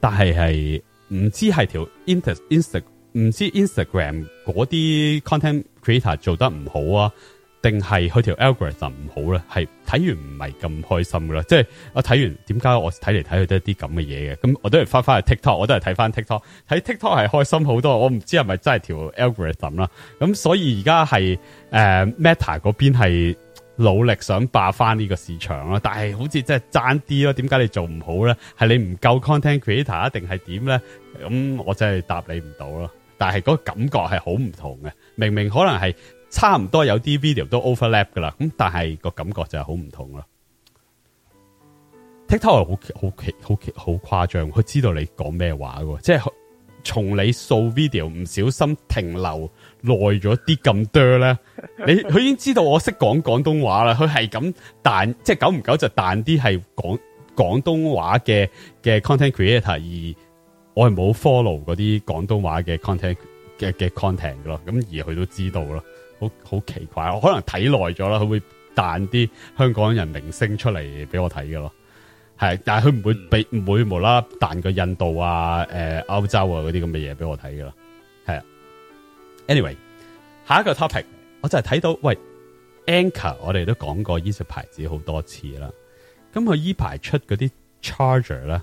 但係係唔知係條 inte、insta 唔知 Instagram 嗰啲 content creator 做得唔好啊。定係佢條 algorithm 唔好咧，係睇完唔係咁開心嘅啦。即係我睇完，點解我睇嚟睇去都係啲咁嘅嘢嘅？咁我都係翻翻去 TikTok，我都係睇翻 TikTok。睇 TikTok 係開心好多，我唔知係咪真係條 algorithm 啦。咁所以而家係誒 Meta 嗰邊係努力想霸翻呢個市場咯。但係好似真係爭啲咯。點解你做唔好咧？係你唔夠 content creator，定係點咧？咁我真係答你唔到咯。但係嗰感覺係好唔同嘅，明明可能係。差唔多有啲 video 都 overlap 噶啦，咁但係個感覺就係好唔同咯。TikTok 係好好奇、好奇、好誇張，佢知道你講咩話噶，即係從你掃 video 唔小心停留耐咗啲咁多咧，你佢已經知道我識講廣東話啦。佢係咁彈，即係久唔久就彈啲係講廣東話嘅嘅 content creator，而我係冇 follow 嗰啲廣東話嘅 content 嘅嘅 content 咯，咁而佢都知道咯。好好奇怪，我可能睇耐咗啦，佢會彈啲香港人明星出嚟俾我睇㗎咯，係，但係佢唔會俾唔會無啦彈個印度啊、誒、呃、歐洲啊嗰啲咁嘅嘢俾我睇㗎喇。係啊。Anyway，下一個 topic，我就係睇到，喂，Anker，我哋都講過呢隻牌子好多次啦，咁佢依排出嗰啲 charger 咧，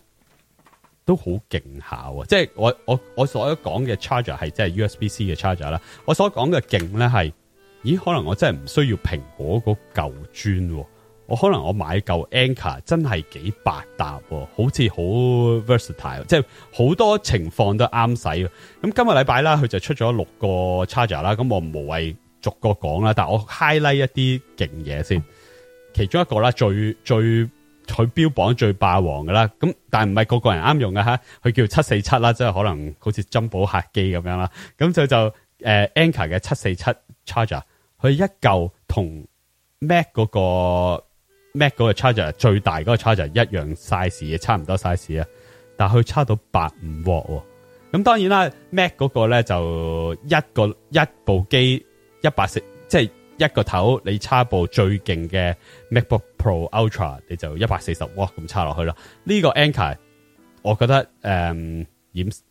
都好勁效啊，即、就、係、是、我我我所講嘅 charger 係即係 USB C 嘅 charger 啦，我所講嘅勁咧係。就是咦？可能我真係唔需要蘋果嗰舊磚喎。我可能我買嚿 Anker 真係幾百搭，啊，好似好 versatile，即係好多情況都啱使。咁、嗯、今日禮拜啦，佢就出咗六個 charger 啦。咁我無謂逐個講啦，但係我 highlight 一啲勁嘢先。其中一個啦，最最佢標榜最霸王噶啦，咁但係唔係個個人啱用嘅吓。佢叫七四七啦，即係可能好似珍寶客機咁樣啦。咁就就誒 Anker 嘅七四七 charger。呃佢一舊同 Mac 嗰個 Mac 嗰個 charger 最大嗰個 charger 一樣 size，差唔多 size 啊！但係佢插到百五鑊喎。咁當然啦，Mac 嗰個咧就一個一部機一百四，即係一個頭你插部最勁嘅 MacBook Pro Ultra，你就一百四十鑊咁插落去啦。呢個 Anker，我覺得誒。嗯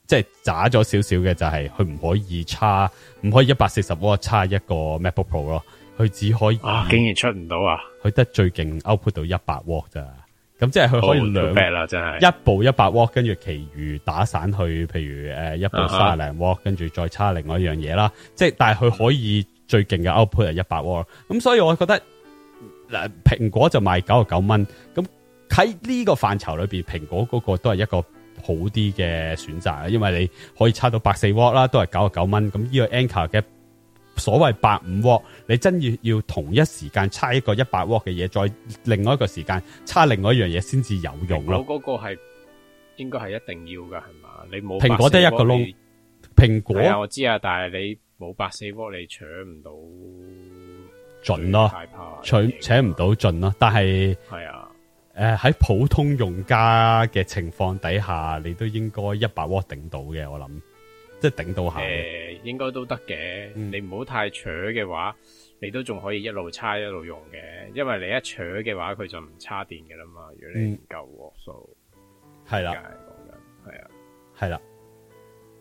即係渣咗少少嘅，就係佢唔可以差，唔可以一百四十瓦差一個 MacBook Pro 咯。佢只可以啊，竟然出唔到啊！佢得最勁 output 到一百瓦咋，咁即係佢可以兩、oh，真係一部一百瓦，跟住其餘打散去，譬如誒、呃、一部三十零瓦，跟住再差另外一樣嘢啦。即係、但係佢可以最勁嘅 output 係一百瓦，咁所以我覺得嗱，蘋果就賣九十九蚊，咁喺呢個範疇裏邊，蘋果嗰個都係一個，好啲嘅選擇啊，因為你可以差到百四 w 啦，都係九十九蚊。咁呢個 Anker 嘅所謂百五 w 你真要要同一時間差一個一百 w 嘅嘢，再另外一個時間差另外一樣嘢，先至有用咯。蘋果嗰個係應該係一定要噶，係嘛？你冇蘋果得一個窿，蘋果、啊、我知啊，啊，但係你冇百四 w 你搶唔到盡咯，太搶搶唔到盡咯。但係係啊。誒、呃，喺普通用家嘅情況底下，你都應該一百瓦頂到嘅，我諗，即係頂到下。誒、欸，應該都得嘅、嗯，你唔好太扯嘅話，你都仲可以一路差一路用嘅，因為你一扯嘅話，佢就唔差電嘅啦嘛。如果你唔夠瓦數，係、嗯、啦，係啊，係啦。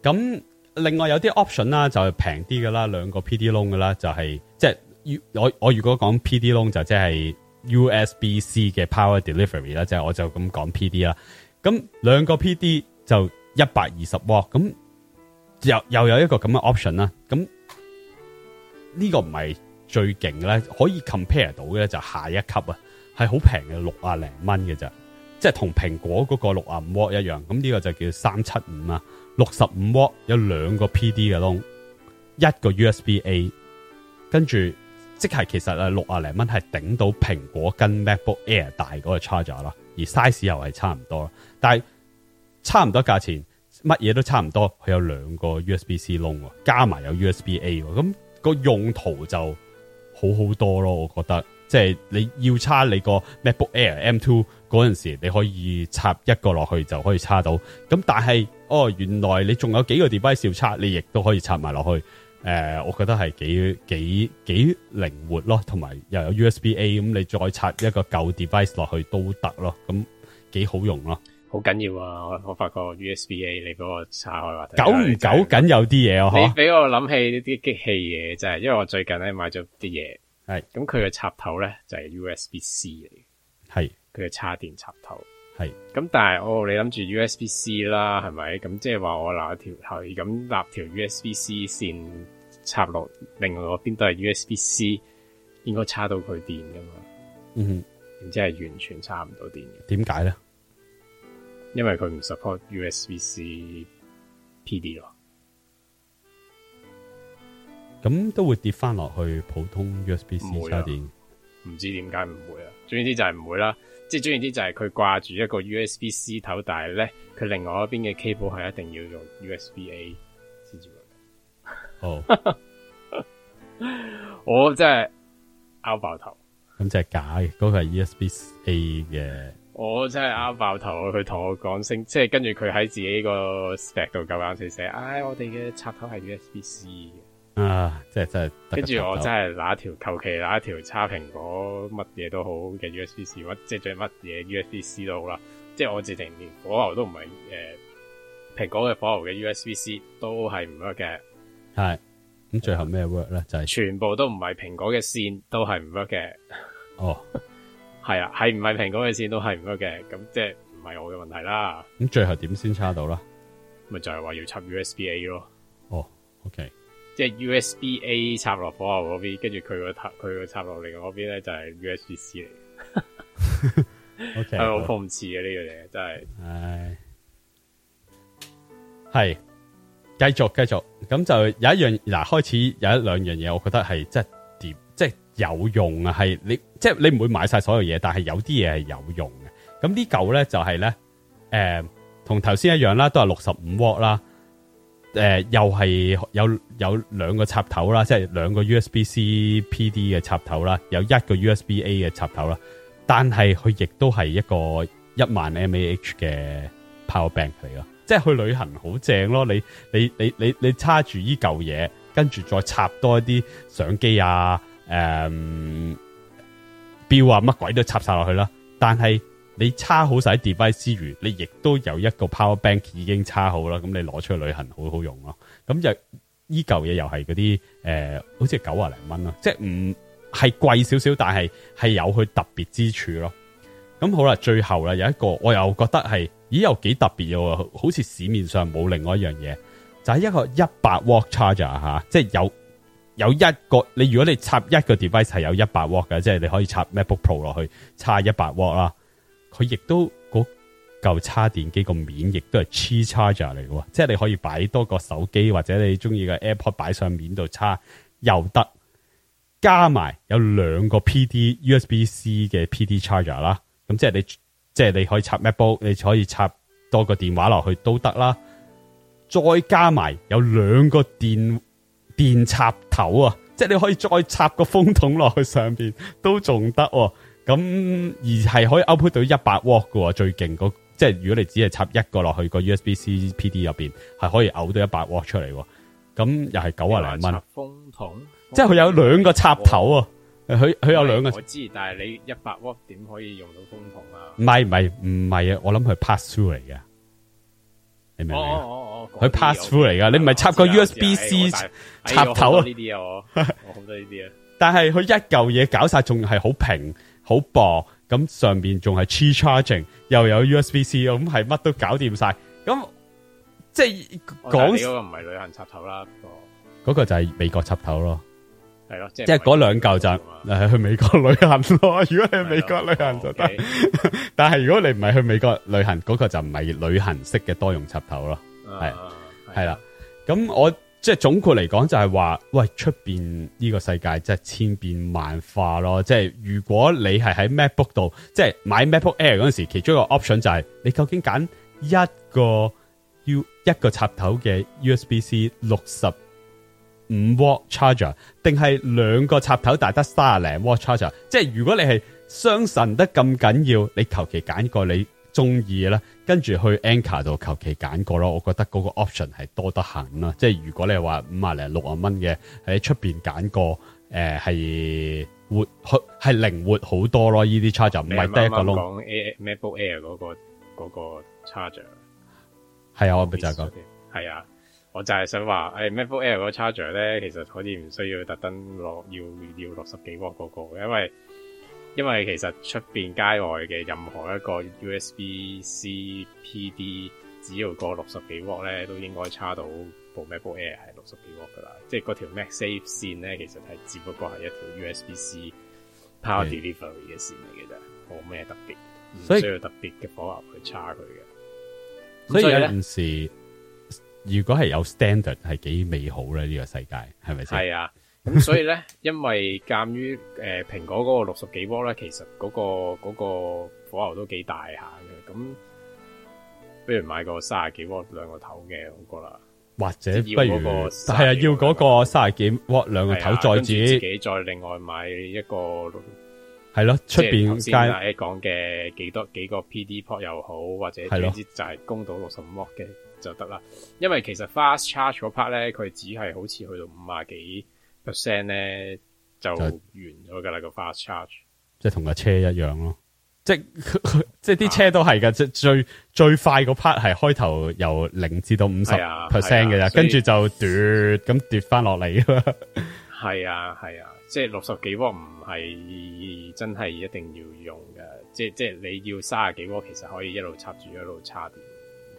咁另外有啲 option 啦，就係平啲噶啦，兩個 PD 窿噶啦，就係即係，我我如果講 PD 窿就即、是、係。USB C 嘅 Power Delivery 啦，即係我就咁講 PD 啦。咁兩個 PD 就一百二十瓦，咁又又有一個咁嘅 option 啦。咁呢個唔係最勁嘅咧，可以 compare 到嘅就下一級啊，係好平嘅六啊零蚊嘅咋，即係同蘋果嗰個六啊五瓦一樣。咁呢個就叫三七五啊，六十五瓦有兩個 PD 嘅窿，一個 USB A，跟住。即係其實啊，六啊零蚊係頂到蘋果跟 MacBook Air 大嗰個 charger 咯，而 size 又係差唔多，但係差唔多價錢，乜嘢都差唔多。佢有兩個 USB C 窿啊，加埋有 USB A，咁個用途就好好多咯。我覺得即係、就是、你要插你個 MacBook Air M2 嗰陣時，你可以插一個落去就可以插到。咁但係哦，原來你仲有幾個 device 要插，你亦都可以插埋落去。誒、呃，我覺得係幾幾幾靈活咯，同埋又有 USB A，咁、嗯、你再插一個舊 device 落去都得咯，咁、嗯、幾好用咯。好緊要啊！我，我發覺 USB A，你俾我插開話、就是，久唔久緊有啲嘢啊？你俾我諗起呢啲機器嘢，就係因為我最近咧買咗啲嘢，係咁佢嘅插頭咧就係、是、USB C 嚟，係佢嘅插電插頭。係咁，但係哦，你諗住 USB C 啦，係咪？咁即係話我拿條係咁拿條 USB C 線插落，另外嗰邊都係 USB C，應該插到佢電噶嘛？嗯哼，然之係完全插唔到電嘅。點解咧？因為佢唔 support USB C PD 咯。咁都會跌翻落去普通 USB C 插電。唔知點解唔會啊。總之就係唔會啦。即係，鍾意啲就係佢掛住一個 USB C 頭，但係咧佢另外一邊嘅 cable 係一定要用 USB A 先至。好、oh. 那個，我真係拗爆頭。咁就係假嘅，嗰個係 USB A 嘅。我真係拗爆頭，佢同我講聲，即係跟住佢喺自己個 spec 度夠硬死寫，唉，我哋嘅插頭係 USB C。啊！即係即係，跟住我真係拿條求其拿條插蘋果乜嘢都好嘅 USB C，即係最乜嘢 USB C 都好啦。即係我自己連火牛都唔係誒蘋果嘅火牛嘅 USB C 都係唔 work 嘅。係咁最後咩 work 咧？就係、是、全部都唔係蘋果嘅線都係唔 work 嘅。哦，係啊，係唔係蘋果嘅線都係唔 work 嘅。咁即係唔係我嘅問題啦。咁最後點先插到啦？咪就係、是、話要插 USB A 咯。哦，OK。即、就、係、是、USB A 插落火喉嗰邊，跟住佢個佢個插落嚟嗰邊咧就係 USB C 嚟。係好諷刺嘅呢樣嘢，真係。係、哎，繼續繼續，咁就有一樣嗱，開始有一兩樣嘢，我覺得係即係點，即、就、係、是、有用啊！係你即係、就是、你唔會買晒所有嘢，但係有啲嘢係有用嘅。咁呢嚿咧就係、是、咧，誒、嗯，同頭先一樣啦，都係六十五瓦啦。誒、呃，又係有有兩個插頭啦，即係兩個 USB C PD 嘅插頭啦，有一個 USB A 嘅插頭啦，但係佢亦都係一個一萬 mAh 嘅 power bank 嚟咯，即係去旅行好正咯，你你你你你插住呢嚿嘢，跟住再插多一啲相機啊，誒、嗯，錶啊，乜鬼都插晒落去啦，但係。你叉好晒 device 之餘，你亦都有一個 power bank 已經叉好啦。咁你攞出去旅行好好用、呃、好咯。咁就呢嚿嘢又係嗰啲誒，好似九啊零蚊啦，即係唔係貴少少，但係係有佢特別之處咯。咁好啦，最後啦有一個我又覺得係咦又幾特別嘅，好似市面上冇另外一樣嘢，就係、是、一個一百瓦 charger 吓、啊，即係有有一個你如果你插一個 device 係有一百瓦嘅，即係你可以插 MacBook Pro 落去叉一百瓦啦。佢亦都嗰嚿叉電機個面，亦都係 Qi charger 嚟嘅，即係你可以擺多個手機或者你中意嘅 AirPod 擺上面度叉，又得。加埋有兩個 PD USB C 嘅 PD charger 啦，咁即係你即係你可以插 MacBook，你可以插多個電話落去都得啦。再加埋有兩個電電插頭啊，即係你可以再插個風筒落去上邊都仲得。咁而係可以 output 到一百瓦嘅喎，最勁嗰，即係如果你只係插一個落去個 USB C PD 入邊，係可以 out 到一百瓦出嚟喎。咁又係九啊零蚊。風筒，即係佢有兩個插頭啊，佢、哦、佢有兩個。我知，但係你一百瓦點可以用到風筒啊？唔係唔係唔係啊，我諗佢 pass through 嚟嘅，你明唔明啊？佢 pass through 嚟噶，你唔係插個 USB C 插頭啊？呢啲啊，我好多呢啲啊。但係佢一嚿嘢搞晒，仲係好平。好薄，咁上邊仲係 Qi charging，又有 USB-C，咁係乜都搞掂晒，咁即係講嗰個唔係旅行插頭啦，嗰個嗰個就係美國插頭咯，係咯，即係嗰兩嚿就係去美國旅行咯。如果你去美國旅行就得，但係如果你唔係去美國旅行，嗰個就唔係旅行式嘅多用插頭咯，係係啦，咁我。即係總括嚟講就係話，喂出邊呢個世界真係千變萬化咯。即係如果你係喺 MacBook 度，即係買 MacBook Air 嗰陣時，其中一個 option 就係你究竟揀一個要一個插頭嘅 USB C 六十五瓦 charger，定係兩個插頭但得卅零瓦 charger？即係如果你係相神得咁緊要，你求其揀個你中意呢，跟住去 Anker 度求其揀過咯，我覺得嗰個 option 係多得很啦。即係如果你話五廿零六十蚊嘅喺出面揀個誒係活，係靈活好多咯。呢啲 charger 唔、啊、係得一個窿。你係啱啱講 MacBook Air 嗰、嗰個嗰、嗰個、charger，係啊，我咪就係講，係啊，我就係想話 MacBook Air 嗰個 charger 咧，其實可以唔需要特登落要要六十幾蚊嗰、嗰個，因為。因為其實出邊街外嘅任何一個 USB C PD，只要過六十幾 W 咧，都應該插到部 MacBook Air 係六十幾 W 噶啦。即係嗰條 MacSafe 線咧，其實係只不過係一條 USB C power delivery 嘅線嚟嘅啫，冇咩特別，唔需要特別嘅火候去插佢嘅。所以有陣時，如果係有 standard，係幾美好咧呢個世界是，係咪先？係啊。咁 所以咧，因為鑒於誒蘋果嗰個六十幾瓦咧，其實嗰、那個嗰、那個火牛都幾大下嘅。咁不如買個卅幾瓦兩個頭嘅好過啦。或者不如係、就是、啊，要嗰個卅幾瓦兩個頭再自己，再另外買一個係咯。出邊先嚟講嘅幾多幾個 PD port 又好，或者總之就係供到六十五瓦嘅就得啦。因為其實 fast charge 嗰 part 咧，佢只係好似去到五啊幾。percent 咧就完咗噶啦，個 fast charge 即係同個車一樣咯，即係即係啲車都係噶、啊，即係最最快個 part 係開頭由零至到五十 percent 嘅啦，跟住、啊、就跌咁跌翻落嚟。係啊係啊，啊，即係六十幾窩唔係真係一定要用噶，即係即係你要卅幾窩，其實可以一路插住一路插電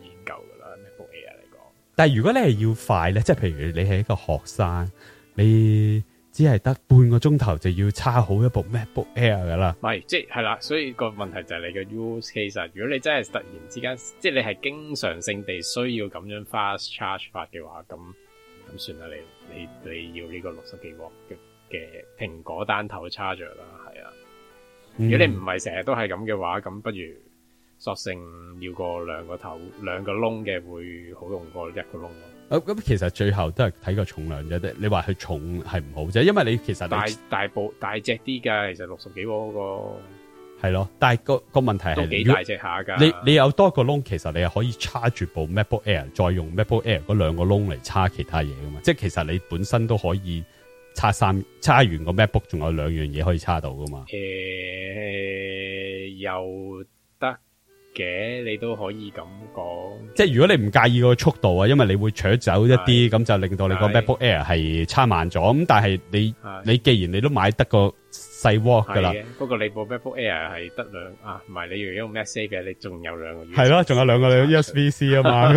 研究噶啦。咩空氣啊嚟講？但係如果你係要快咧、嗯，即係譬如你係一個學生。你只係得半個鐘頭就要插好一部 MacBook Air 噶啦，唔係，即係啦，所以個問題就係你嘅 use case。如果你真係突然之間，即係你係經常性地需要咁樣 fast charge 法嘅話，咁咁算啦。你你你要呢個六十幾伏嘅蘋果單頭 charge 啦，係啊。如果你唔係成日都係咁嘅話，咁、嗯、不如索性要個兩個頭、兩個窿嘅會好用過一個窿咯。咁、嗯、其實最後都係睇個重量啫，你你話佢重係唔好啫，因為你其實你大大部大隻啲㗎。其實六十幾個嗰個係咯，但係個個問題係幾大隻下㗎，你你有多個窿，其實你係可以插住部 MacBook Air，再用 MacBook Air 嗰兩個窿嚟插其他嘢㗎嘛，即係其實你本身都可以插三插完個 MacBook 仲有兩樣嘢可以插到㗎嘛，誒、欸、又。嘅，你都可以咁講，即係如果你唔介意個速度啊，因為你會搶走一啲，咁就令到你個 MacBook Air 係差慢咗。咁但係你你既然你都買得個細 watt 噶啦，不過你部 MacBook Air 係得兩啊，唔係你用 MacBook Air 你仲有兩個係咯，仲有兩個 USB C 啊嘛，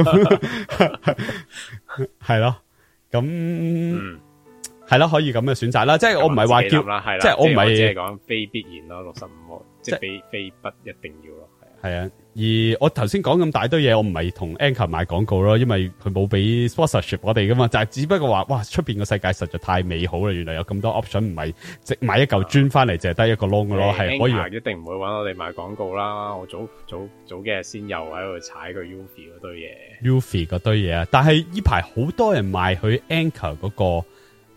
係咯，咁係咯，可以咁嘅選擇啦。即係我唔係話叫啦，即係我唔係即係講非必然咯，六十五即係非非不一定要咯，係啊。而我頭先講咁大堆嘢，我唔係同 Anker 買廣告咯，因為佢冇俾 sponsorship 我哋噶嘛，就係只不過話，哇出面個世界實在太美好啦，原來有咁多 option，唔係即買一嚿磚翻嚟就係得一個窿咯，係、嗯、可以。Anker、一定唔會搵我哋買廣告啦，我早早早幾日先又喺度踩個 Ufi 嗰堆嘢，Ufi 嗰堆嘢啊！但係依排好多人賣去 Anker 嗰、那個，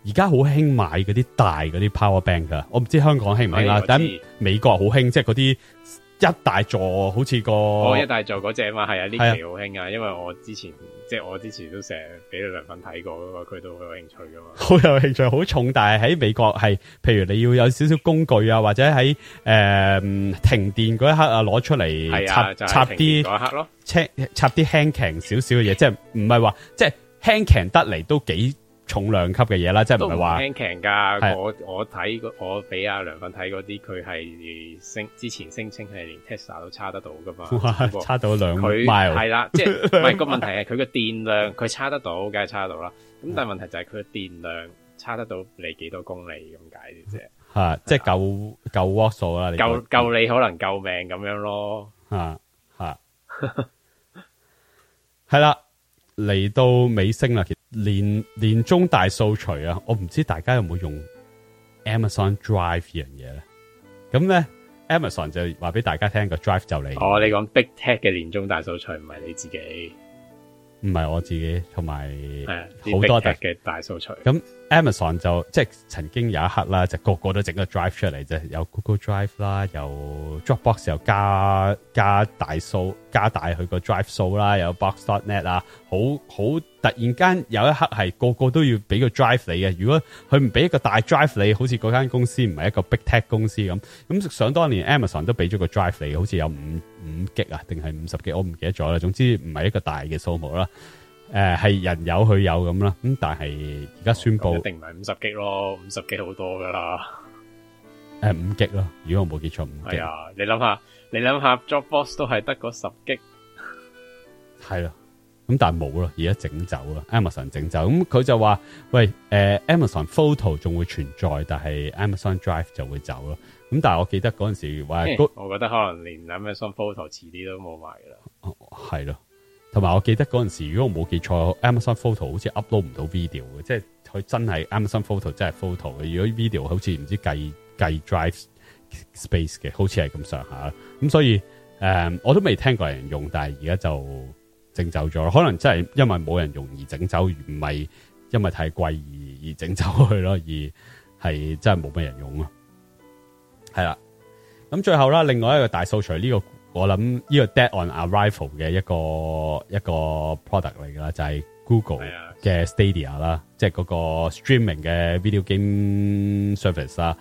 而家好興買嗰啲大嗰啲 Power Bank 噶，我唔知香港興唔興啦，但美國好興，即係嗰啲。一大座，好似個，哦一大座嗰隻啊嘛，係啊，呢期好興啊，因為我之前即係我之前都成日俾梁粉睇過，佢都好有興趣噶嘛，好有興趣，好重，但係喺美國係，譬如你要有少少工具啊，或者喺誒停電嗰一刻啊攞出嚟，插插啲，插啲輕強少少嘅嘢，即係唔係話即係輕強得嚟都幾。重量級嘅嘢啦，即係唔係話，都唔輕強噶，我我睇個我俾阿良粉睇嗰啲，佢係聲之前聲稱係連 Tesla 都差得到噶嘛，差到兩倍係啦，即係唔係個問題係佢個電量，佢差得到，梗係差得到啦。咁但係問題就係佢電量差得到你幾多公里咁解啫，吓即係夠夠 W 數啦，夠夠你可能救命咁樣咯，吓吓係啦。嚟到尾聲啦，其實年年終大掃除啊，我唔知大家有冇用 Amazon Drive 呢樣嘢咧？咁咧 Amazon 就話俾大家聽個 Drive 就嚟。哦，你講 Big Tech 嘅年終大掃除唔係你自己，唔係我自己，同埋好多、啊、Big 大嘅大掃除。咁 Amazon 就即係曾經有一刻啦，就個個都整個 Drive 出嚟啫，有 Google Drive 啦，有 Dropbox 又加加大掃。加大佢個 drive 數啦，有 box.net 啊，好好突然間有一刻係個個都要俾個 drive 你嘅。如果佢唔俾一個大 drive 你，好似嗰間公司唔係一個 big tech 公司咁，咁想當年 Amazon 都俾咗個 drive 你，好似有五五 G 啊，定係五十 G，我唔記得咗啦。總之唔係一個大嘅數目啦。誒、呃，係人有佢有咁啦。咁但係而家宣布，一定唔係五十 G 咯，五十 G 好多噶啦。誒、呃，五 G 咯，如果我冇記錯，係啊、哎，你諗下。你諗下，Dropbox 都係得嗰十激，係啦咁但係冇啦，而家整走啦。Amazon 整走，咁、嗯、佢就話：，喂，誒、呃、，Amazon Photo 仲會存在，但係 Amazon Drive 就會走咯。咁但係我記得嗰陣時話，我覺得可能連 Amazon Photo 遲啲都冇埋噶啦。係、哦、咯，同埋、啊、我記得嗰陣時，如果我冇記錯，Amazon Photo 好似 upload 唔到 video 嘅，即係佢真係 Amazon Photo 真係 photo 嘅，如果 video 好似唔知計計 drive。space 嘅好似係咁上下，咁所以誒、嗯、我都未聽過人用，但係而家就整走咗咯。可能真係因為冇人用而整走，而唔係因為太貴而而整走去咯，而係真係冇乜人用。係係啦，咁最後啦，另外一個大掃除呢個，我諗呢個 dead on arrival 嘅一個一個 product 嚟噶啦，就係、是、Google 嘅 Stadia 啦，即係嗰個 streaming 嘅 video game service 啦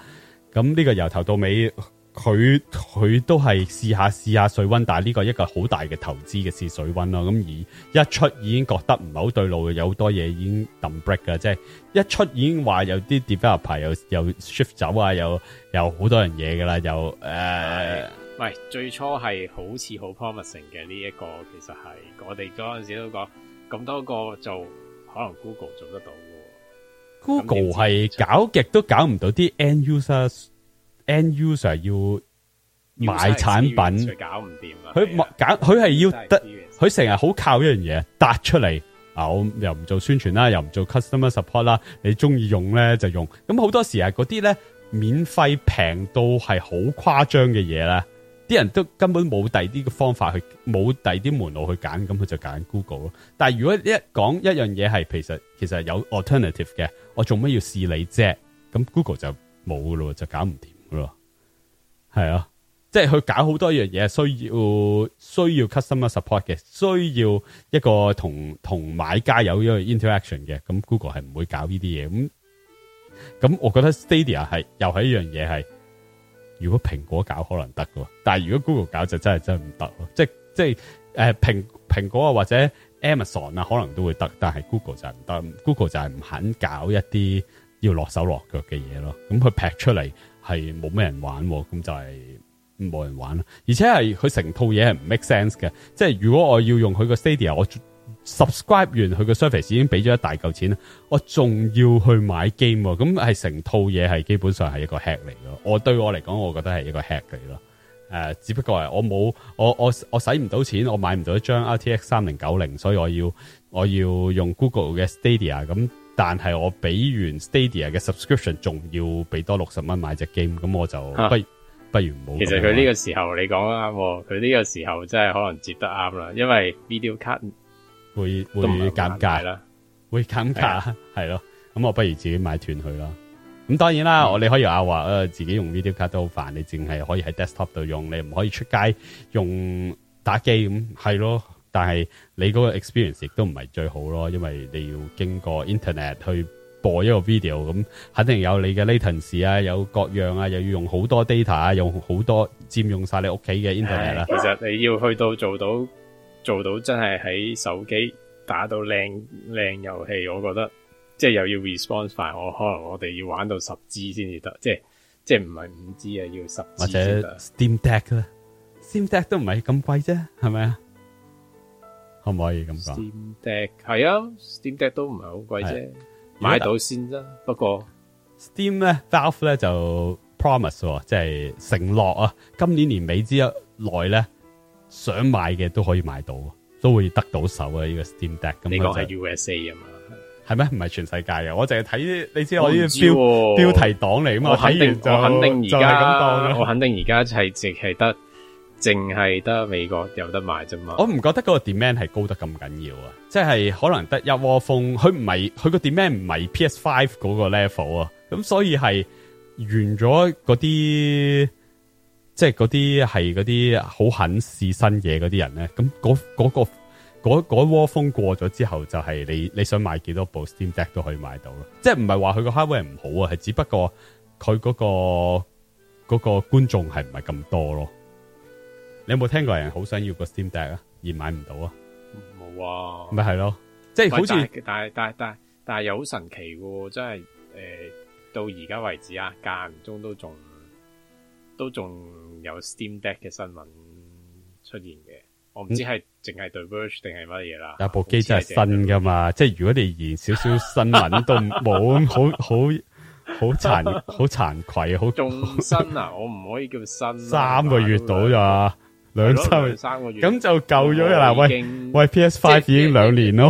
咁呢個由頭到尾，佢佢都係試下試下水温，但係呢個一個好大嘅投資嘅試水温咯。咁而一出已經覺得唔係好對路，嘅有好多嘢已經 d break 噶，即係一出已經話有啲 developer 牌，有有 shift 走啊，有有好多樣嘢噶啦，又誒，喂，呃，最初係好似好 promising 嘅呢一個，其實係我哋嗰陣時都講咁多個就可能 Google 做得到。Google 係搞極都搞唔到啲 end user，end user 要買產品，搞唔掂。佢搞，佢係要得，佢成日好靠一樣嘢達出嚟。啊，我又唔做宣傳啦，又唔做 customer support 啦。你中意用咧就用。咁好多時啊，嗰啲咧免費平到係好誇張嘅嘢咧。啲人都根本冇第啲嘅方法去，冇第啲門路去揀，咁佢就揀 Google 咯。但係如果你一講一樣嘢係，其實其實有 alternative 嘅，我做咩要試你啫？咁 Google 就冇咯，就搞唔掂咯。係啊，即係佢搞好多樣嘢需要需要 customer support 嘅，需要一個同同買家有一個 interaction 嘅，咁 Google 係唔會搞呢啲嘢。咁咁，我覺得 Stadia 係又係一樣嘢係。如果蘋果搞可能得喎，但係如果 Google 搞就真係真係唔得咯。即係即係誒、呃、蘋，蘋果啊或者 Amazon 啊可能都會得，但係 Google 就唔得。Google 就係唔肯搞一啲要落手落腳嘅嘢咯。咁佢劈出嚟係冇咩人玩，咁就係冇人玩啦。而且係佢成套嘢係唔 make sense 嘅。即係如果我要用佢個 Stadia，我。subscribe 完佢個 service 已經俾咗一大嚿錢啦，我仲要去買 game，咁係成套嘢係基本上係一個 hack 嚟咯。我對我嚟講，我覺得係一個 hack 嚟咯。誒、呃，只不過係我冇我我我使唔到錢，我買唔到一張 RTX 三零九零，所以我要我要用 Google 嘅 Stadia 咁，但係我俾完 Stadia 嘅 subscription，仲要俾多六十蚊買隻 game，咁我就不、啊、不如冇。其實佢呢個時候你講得啱、哦，佢呢個時候真係可能接得啱啦，因為 video card。會會尷尬，會尷尬係咯，咁我不如自己買團去咯。咁當然啦、嗯，我你可以阿話、呃、自己用 video 卡都好煩，你淨係可以喺 desktop 度用，你唔可以出街用打機咁係咯。但係你嗰個 experience 亦都唔係最好咯，因為你要經過 internet 去播一個 video，咁肯定有你嘅 latency 啊，有各樣啊，又要用好多 data 啊，用好多佔用晒你屋企嘅 internet 啦。其實你要去到做到。做到真係喺手機打到靚靚遊戲，我覺得即係又要 response 快，我可能我哋要玩到十支先至得，即係即係唔係五支啊，要十或者 Steam Deck 啦，Steam Deck 都唔係咁貴啫，係咪啊？可唔可以咁講？Steam Deck 係啊，Steam Deck 都唔係好貴啫，買到先啫。不過 Steam 咧，Valve 咧就 promise 即係承諾啊，今年年尾之內咧。想買嘅都可以買到，都會得到手啊！呢、呢個 Steam Deck，美國係 USA 啊嘛，係咩？唔係全世界嘅，我淨係睇，你知我呢個標,、啊、標題黨嚟啊嘛！我肯定，我肯定而家，我肯定而家係淨係得，淨係得美國有得買啫嘛！我唔覺得嗰個 demand 係高得咁緊要啊，即、就、係、是、可能得一窩蜂，佢唔係佢個 demand 唔係 PS Five 嗰個 level 啊，咁所以係完咗嗰啲。即係嗰啲係嗰啲好肯試新嘢嗰啲人咧，咁、那、嗰個嗰嗰窩蜂過咗之後就，就係你你想買幾多部 Steam Deck 都可以買到咯。即係唔係話佢個 hardware 唔好啊，係只不過佢嗰、那個嗰、那個觀眾係唔係咁多咯。你有冇聽過人好想要個 Steam Deck 啊，而買唔到啊？冇啊，咪係咯，即係好似但係但係但係但係又好神奇喎！真係誒、呃，到而家為止啊，間唔中都仲。都仲有 Steam Deck 嘅新聞出現嘅，我唔知係淨係對《Verge》定係乜嘢啦。有部機真係新噶嘛？即係如果你連少少新聞都冇，好好好殘好慚愧，好仲新啊！我唔可以叫新，三個月到咋？兩三個月，三個月，咁就夠咗噶啦。喂喂，PS Five 已經兩年咯。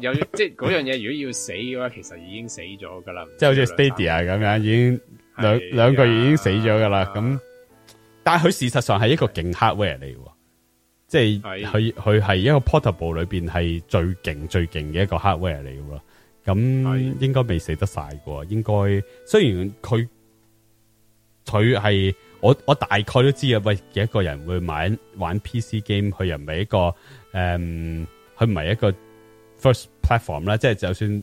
有即係嗰樣嘢，如果要死嘅話，其實已經死咗噶啦。即係好似 Stadia 咁樣，已經。兩兩個月已經死咗噶啦，咁、啊啊、但係佢事實上係一個勁 hardware 嚟，即係佢佢係一個 portable 裏邊係最勁最勁嘅一個 hardware 嚟嘅，咁、啊、應該未死得晒喎，應該雖然佢佢係我我大概都知啊，喂，一個人會玩玩 PC game，佢又唔係一個誒，佢唔係一個 first platform 啦，即係就算。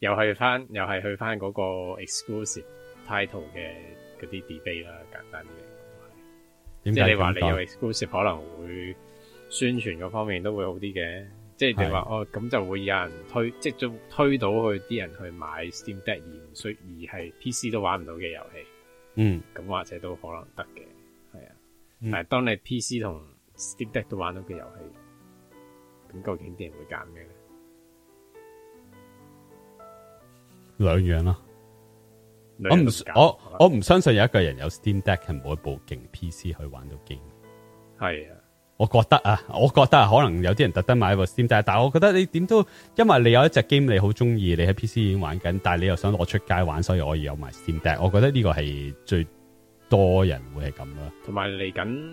又係翻，又係去翻嗰個 exclusive title 嘅嗰啲 debate 啦，簡單啲嚟講都係。點解？即係你話你有 exclusive 可能會宣傳嗰方面都會好啲嘅，即係你話哦，咁就會有人推，即係推推到去啲人去買 Steam Deck 而唔需而係 PC 都玩唔到嘅遊戲。嗯，咁或者都可能得嘅，係啊、嗯。但係當你 PC 同 Steam Deck 都玩到嘅遊戲，咁究竟啲人會揀咩咧？兩樣啦、啊，我唔我我唔相信有一個人有 Steam Deck 係冇一部勁 PC 去玩到 game。係啊，我覺得啊，我覺得啊，可能有啲人特登買一部 Steam Deck，但係我覺得你點都，因為你有一隻 game 你好中意，你喺 PC 已經玩緊，但係你又想攞出街玩，所以我而有埋 Steam Deck。我覺得呢個係最多人會係咁啦。同埋嚟緊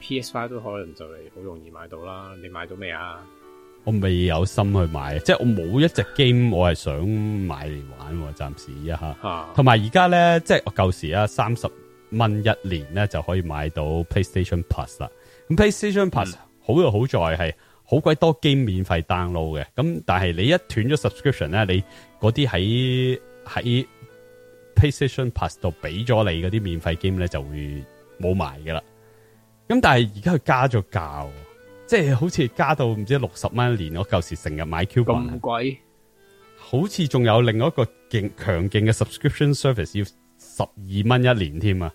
PS Five 都可能就嚟好容易買到啦。你買到未啊？我未有心去買，即係我冇一隻 game 我係想買嚟玩，暫時一下。同埋而家咧，即係我舊時啊，三十蚊一年咧就可以買到 PlayStation Plus 啦。咁 PlayStation Plus 好就好在係好鬼多 game 免費 download 嘅。咁但係你一斷咗 subscription 咧，你嗰啲喺喺 PlayStation Plus 度俾咗你嗰啲免費 game 咧就會冇埋噶啦。咁但係而家佢加咗價。即係好似加到唔知六十蚊一年，我舊時成日買 Q 版。咁貴，好似仲有另一個勁強勁嘅 subscription service 要十二蚊一年添啊！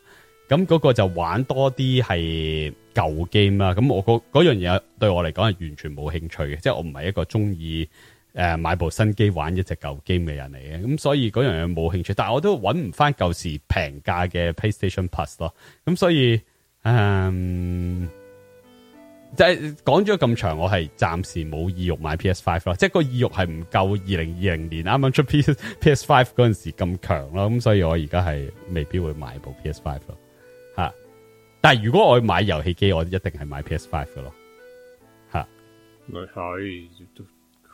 咁嗰個就玩多啲係舊 game 啦。咁我個嗰樣嘢對我嚟講係完全冇興趣嘅，即係我唔係一個中意誒買部新機玩一隻舊 game 嘅人嚟嘅。咁所以嗰樣嘢冇興趣，但係我都搵唔翻舊時平價嘅 PlayStation Plus 咯。咁所以，嗯。即係講咗咁長，我係暫時冇意欲買 P S five 咯，即係個意欲係唔夠二零二零年啱啱出 P S P S five 嗰陣時咁強咯，咁所以我而家係未必會買部 P S five 咯，吓。但係如果我買遊戲機，我一定係買 P S five 噶咯，吓。佢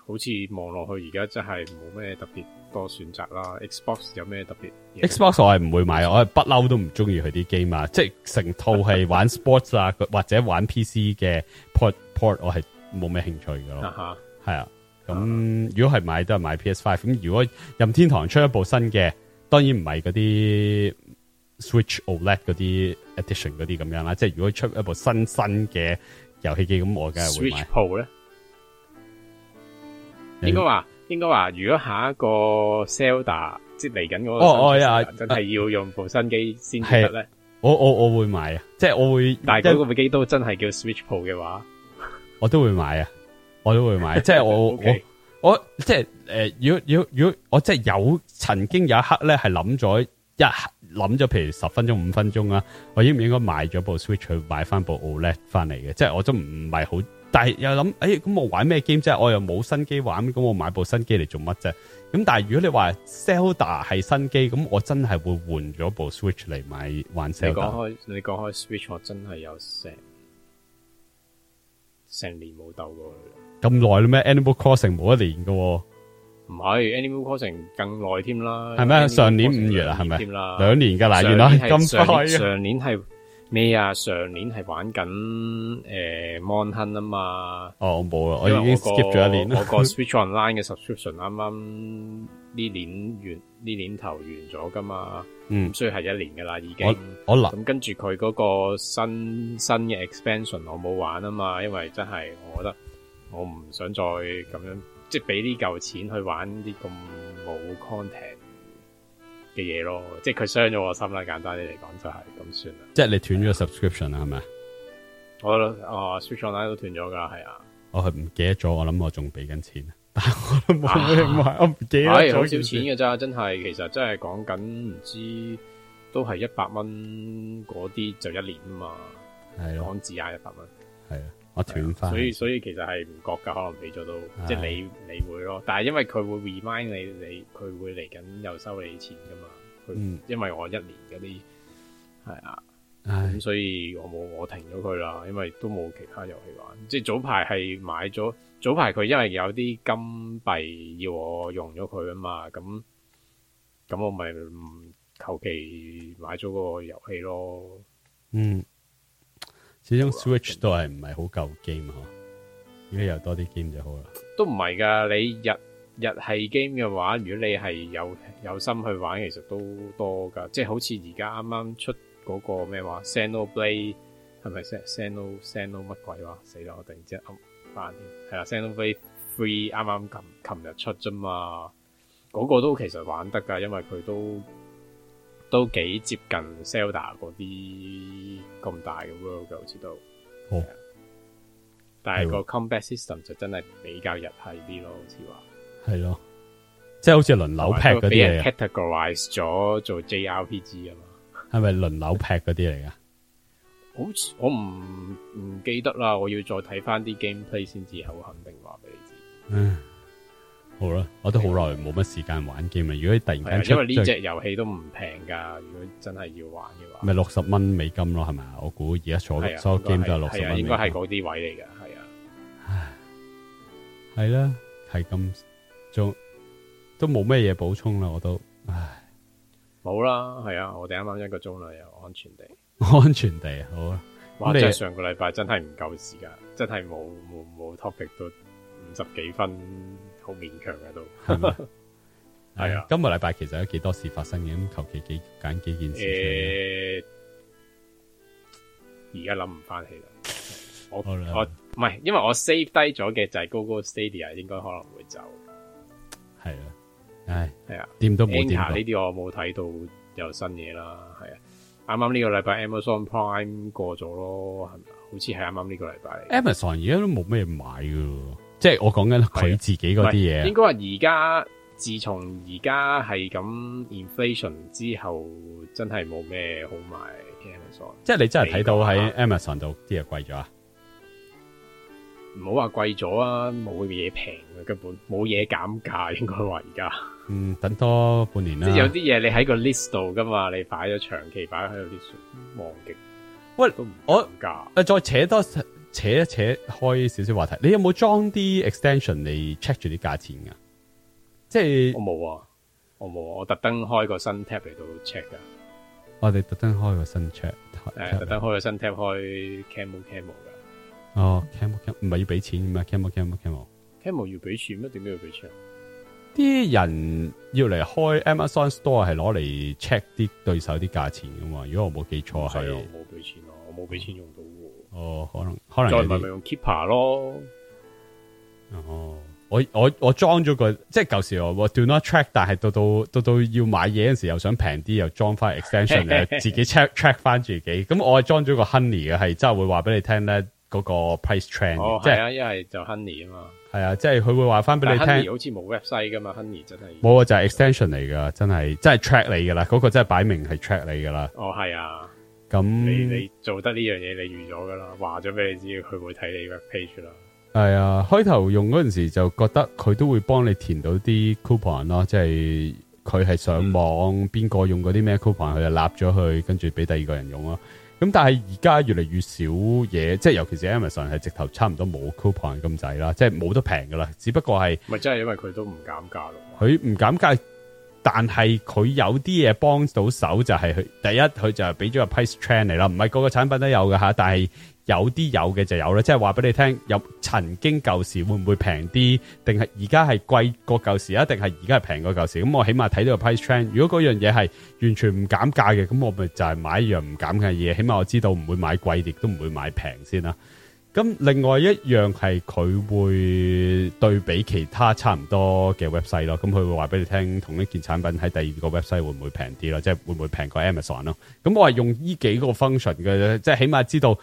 好似望落去而家真係冇咩特別。多選擇啦，Xbox 有咩特別？Xbox 我係唔會買，我係不嬲都唔中意佢啲 game 嘛，即係成套係玩 sports 啊， 或者玩 PC 嘅 port port 我係冇咩興趣噶咯，係啊，啊。咁、啊、如果係買都係買 PS Five，咁如果任天堂出一部新嘅，當然唔係嗰啲 Switch OLED 嗰啲 Edition 嗰啲咁樣啦，即係如果出一部新新嘅遊戲機，咁我梗係會買咧。應該話。應該話，如果下一個 Zelda 即嚟緊嗰個 Switch 真係要用部新機先得咧。我我我會買啊，即係我會。但係嗰部機都真係叫 Switch Pro 嘅話，我都會買啊，我都會買。 即係我、okay。我我即係誒、呃，如果如果如果我即係有曾經有一刻咧，係諗咗一諗咗，譬如十分鐘五分鐘啊，我應唔應該買咗部 Switch 去買翻部 OLED 翻嚟嘅？即係我都唔係好。但係又諗，哎，咁我玩咩 game 啫？我又冇新機玩，咁我買部新機嚟做乜啫？咁但係如果你話 Zelda 係新機，咁我真係會換咗部 Switch 嚟買玩 Zelda。你講開，你講開 Switch，我真係有成成年冇鬥過。咁耐啦咩？Animal Crossing 冇一年噶，唔係 Animal Crossing 更耐添啦。係咩？上年五月啊，係咪？兩年噶，嗱，原來係上上年係。咩啊？上年係玩緊誒《Monhan》啊嘛，哦，冇啊，我已經 skip 咗一年啦。我個 Switch Online 嘅 subscription 啱啱呢年完，呢 年頭完咗噶嘛，嗯，所以係一年噶啦，已經。我我咁跟住佢嗰個新新嘅 expansion，我冇玩啊嘛，因為真係我覺得我唔想再咁樣，即係俾呢嚿錢去玩啲咁冇 content。嘅嘢咯，即係佢傷咗我心啦。簡單啲嚟講就係、是，咁算啦。即係你斷咗 subscription 啦，係咪？我啊、哦、Switch Online 都斷咗噶，係、哦、啊。我係唔、啊、記得咗，我諗我仲俾緊錢，但係我都冇。我唔記得，好少錢嘅咋，真係。其實真係講緊唔知，都係一百蚊嗰啲就一年啊嘛，係咯，港紙啊一百蚊，係啊。我斷，所以所以其實係唔覺㗎，可能俾咗到，即係你你會咯。但係因為佢會 remind 你，你佢會嚟緊又收你錢噶嘛、嗯。因為我一年嗰啲係啊，咁、嗯、所以我冇我停咗佢啦。因為都冇其他遊戲玩。即係早排係買咗，早排佢因為有啲金幣要我用咗佢啊嘛。咁咁我咪求其買咗個遊戲咯。嗯。始終 switch 都係唔係好夠 game 嗬，如果又多啲 game 就好啦。都唔係噶，你日日係 game 嘅話，如果你係有有心去玩，其實都多噶。即係好似而家啱啱出嗰、那個咩話，Xenoblade 係咪？Xeno Xeno 乜鬼話？係咪係咪 Xenoblade, Xenoblade 鬼死啦！我突然之間諗翻係啊，Xenoblade Three 啱啱琴琴日出啫嘛，嗰、那個都其實玩得噶，因為佢都。都幾接近 Selda 嗰啲咁大嘅 world 嘅，好似都，哦、是但係個 combat system 就真係比較日系啲咯，好似話係咯，即係好似輪流劈嗰啲。categorize 咗做 JRPG 啊嘛，係咪輪流劈嗰啲嚟噶？好似，我唔唔記得啦，我要再睇翻啲 gameplay 先至好肯定話俾你知。嗯。好啦，我都好耐冇乜時間玩 game 啦。如果突然間出，因為呢隻遊戲都唔平噶。如果真係要玩嘅話，咪六十蚊美金咯，係咪啊？我估而家坐所有 game 都係六十蚊，應該係嗰啲位嚟噶，係啊。係啦，係金中都冇咩嘢補充啦，我都唉。冇啦，係啊，我哋啱啱一個鐘啦，又安全地，安全地好啊。我哋上個禮拜真係唔夠時間，真係冇冇冇 topic 到五十幾分。好勉強嘅都係啊！今個禮拜其實有幾多事發生嘅，咁求其幾揀幾件事。而家諗唔翻起啦，我我唔係，因為我 save 低咗嘅就係 Google Stadia，應該可能會走。係啦，唉，係啊，掂都冇掂。呢啲我冇睇到有新嘢啦，係啊，啱啱呢個禮拜 Amazon Prime 過咗咯，係咪？好似係啱啱呢個禮拜。Amazon 而家都冇咩買噶。即係我講緊佢自己嗰啲嘢，應該話而家自從而家係咁 inflation 之後，真係冇咩好買 Amazon。即係你真係睇到喺 Amazon 度啲嘢貴咗啊？唔好話貴咗啊，冇嘢平啊，根本冇嘢減價，應該話而家。嗯，等多半年啦。即係有啲嘢你喺個 list 度噶嘛，你擺咗長期擺喺度啲，忘記。喂，我啊再扯多。扯一扯開少少話題，你有冇裝啲 extension 嚟 check 住啲價錢噶？即係我冇啊，我冇、啊，我特登開個新 tab 嚟到 check 噶。我哋特登開個新 check，誒、欸，特登開個新 tab、啊、開，開 camel camel 噶。哦，camel，唔係要俾錢咩？camel camel camel，camel 要俾錢咩？點解要俾錢，錢？啲人要嚟開 Amazon store 係攞嚟 check 啲對手啲價錢噶嘛？如果我冇記錯係。我冇俾錢啊！我冇俾錢用到。嗯哦，可能可能再唔係咪用 keeper 咯？哦，我我我裝咗個即係舊時我 do not track，但係到到到到要買嘢嗰時又想平啲，又裝翻 extension， 又自己 check check 翻自己。咁我係裝咗個 honey 嘅，係真係會話俾你聽咧嗰個 price trend 哦。哦，係啊，因為就 honey 啊嘛，係啊，即係佢會話翻俾你聽。好似冇 website 噶嘛，honey 真係冇啊，就係 extension 嚟噶，真係真係 track 嚟噶啦，嗰、嗰個真係擺明係 track 嚟噶啦。哦，係啊。咁你你做得呢樣嘢，你預咗噶啦，話咗俾你知，佢會睇你嘅 page 啦。係啊，開頭用嗰陣時就覺得佢都會幫你填到啲 coupon 咯，即係佢係上網邊個、嗯、用嗰啲咩 coupon，佢就立咗去，跟住俾第二個人用咯。咁但係而家越嚟越少嘢，即係尤其是 Amazon 係直頭差唔多冇 coupon 咁滯啦，即係冇得平噶啦。只不過係咪真係因為佢都唔減價咯？佢唔減價。但係佢有啲嘢幫到手就係佢，第一佢就係俾咗個 price trend 嚟啦，唔係個個產品都有㗎，吓，但係有啲有嘅就有啦，即係話俾你聽，有曾經舊時會唔會平啲，定係而家係貴過舊時，定係而家係平過舊時，咁我起碼睇到個 price trend，如果嗰樣嘢係完全唔減價嘅，咁我咪就係買一樣唔減價嘅嘢，起碼我知道唔會買貴，亦都唔會買平先啦。咁另外一樣係佢會對比其他差唔多嘅 website 咯，咁佢會話俾你聽，同一件產品喺第二個 website 會唔會平啲咯？即係會唔會平過 Amazon 咯？咁我係用呢幾個 function 嘅啫，即係起碼知道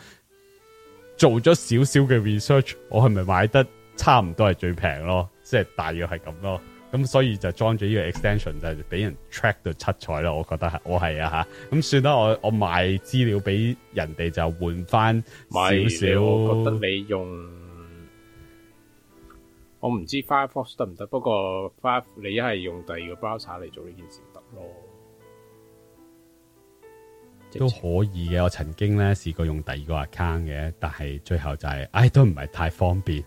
做咗少少嘅 research，我係咪買得差唔多係最平咯？即係大約係咁咯。咁所以就裝咗呢個 extension 就俾、是、人 track 到七彩咯，我覺得係我係啊吓，咁算啦，我我賣資料俾人哋就換翻少少。我覺得你用我唔知 Firefox 得唔得，不過 Firefox 你一係用第二個 browser 嚟做呢件事得咯，都可以嘅。我曾經咧試過用第二個 account 嘅，但係最後就係、是，唉、哎，都唔係太方便。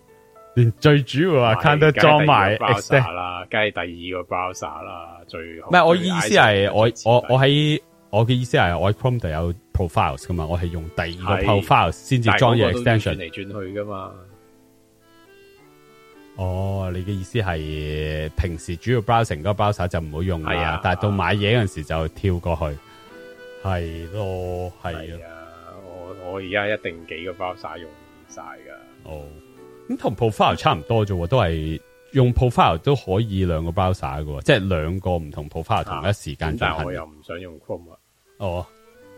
最主要啊，can 得裝埋 extension 啦，梗係第二個 browser 啦，最唔係我，我，我，我，我，我意思係我我我喺我嘅意思係我 Chrome 度有 profiles 噶嘛，我係用第二個 profile 先至裝嘢 extension 嚟轉去噶嘛。哦，你嘅意思係平時主要 browser 嗰個 browser 就唔好用啊，但係到買嘢嗰陣時就跳過去。係咯，係啊，啊，啊，我我而家一定幾個 browser 用晒噶。Oh. 咁同 profile 差唔多啫喎，都係用 profile 都可以兩個 browser 嘅，即係兩個唔同 profile 同一時間進行。但係我又唔想用 Chrome。哦，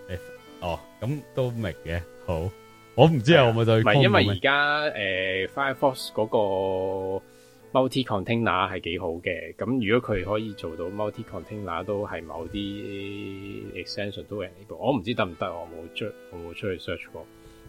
誒，哦，咁都明嘅。好，我唔知我咪就係，唔係因為而家誒 Firefox 嗰個 Multi Container 係幾好嘅。咁如果佢可以做到 Multi Container，都係某啲 extension 都 enable。我唔知得唔得，我冇出，我冇出去 search 過。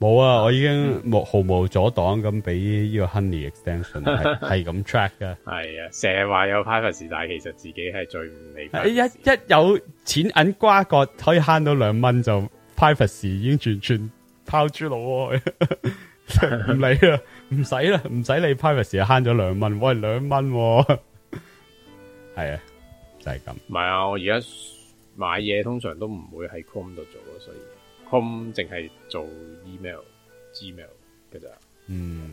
冇啊！我已經冇毫無阻擋咁俾呢個 Honey Extension 係 咁 track 噶。係啊，成日話有 privacy，但係其實自己係最唔理解、啊。一一有錢銀瓜葛，可以慳到兩蚊，就 privacy 已經轉轉拋豬佬喎！唔 理啦，唔使啦，唔使理 privacy 慳咗兩蚊，喂兩蚊，係啊， 啊，就係、是、咁。唔係啊，我而家買嘢通常都唔會喺 Chrome 度做咯，所以 Chrome 淨係做。mail，Gmail 噶咋？嗯，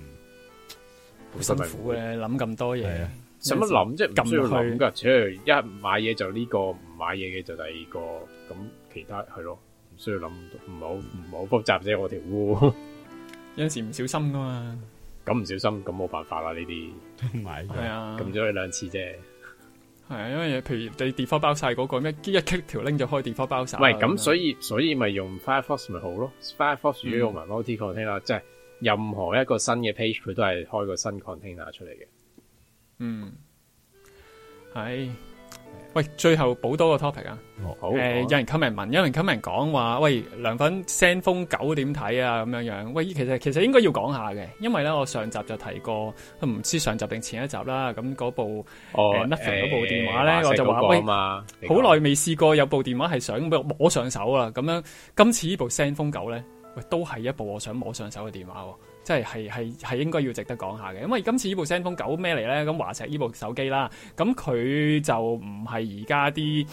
好辛苦嘅，諗咁多嘢啊！使乜諗啫？唔需要諗噶，只係一買嘢就呢個，唔買嘢嘅就第二個，咁其他係咯，唔需要諗，唔係好唔係好複雜啫。我條烏，有陣時唔小心噶嘛，咁唔小心咁冇辦法啦。呢啲買係啊，咁咗一兩次啫。係，因為譬如你 default 包晒嗰、那個咩，一一棘條拎就開 default 包晒。喂，咁所以所以咪用 Firefox 咪好咯？Firefox 如果用埋 Multi Container、嗯、即係任何一個新嘅 page，佢都係開個新 container 出嚟嘅。嗯，係。喂，最後補多個 topic 啊、嗯！好，誒、呃，有人 comment 問，有人 comment 講話，喂，涼粉 ZenPhone 9點睇啊？咁樣樣，喂，其實其實應該要講下嘅，因為咧我上集就提過，唔知上集定前一集啦，咁嗰部哦、呃、Nothing 嗰、欸、部電話咧、那個，我就話喂，好耐未試過有部電話係想摸上手啦咁樣，今次部呢部 ZenPhone 9咧，喂，都係一部我想摸上手嘅電話。即係係係應該要值得講下嘅，因為今次這部呢部 ZenPhone 9咩嚟咧？咁華碩呢部手機啦，咁佢就唔係而家啲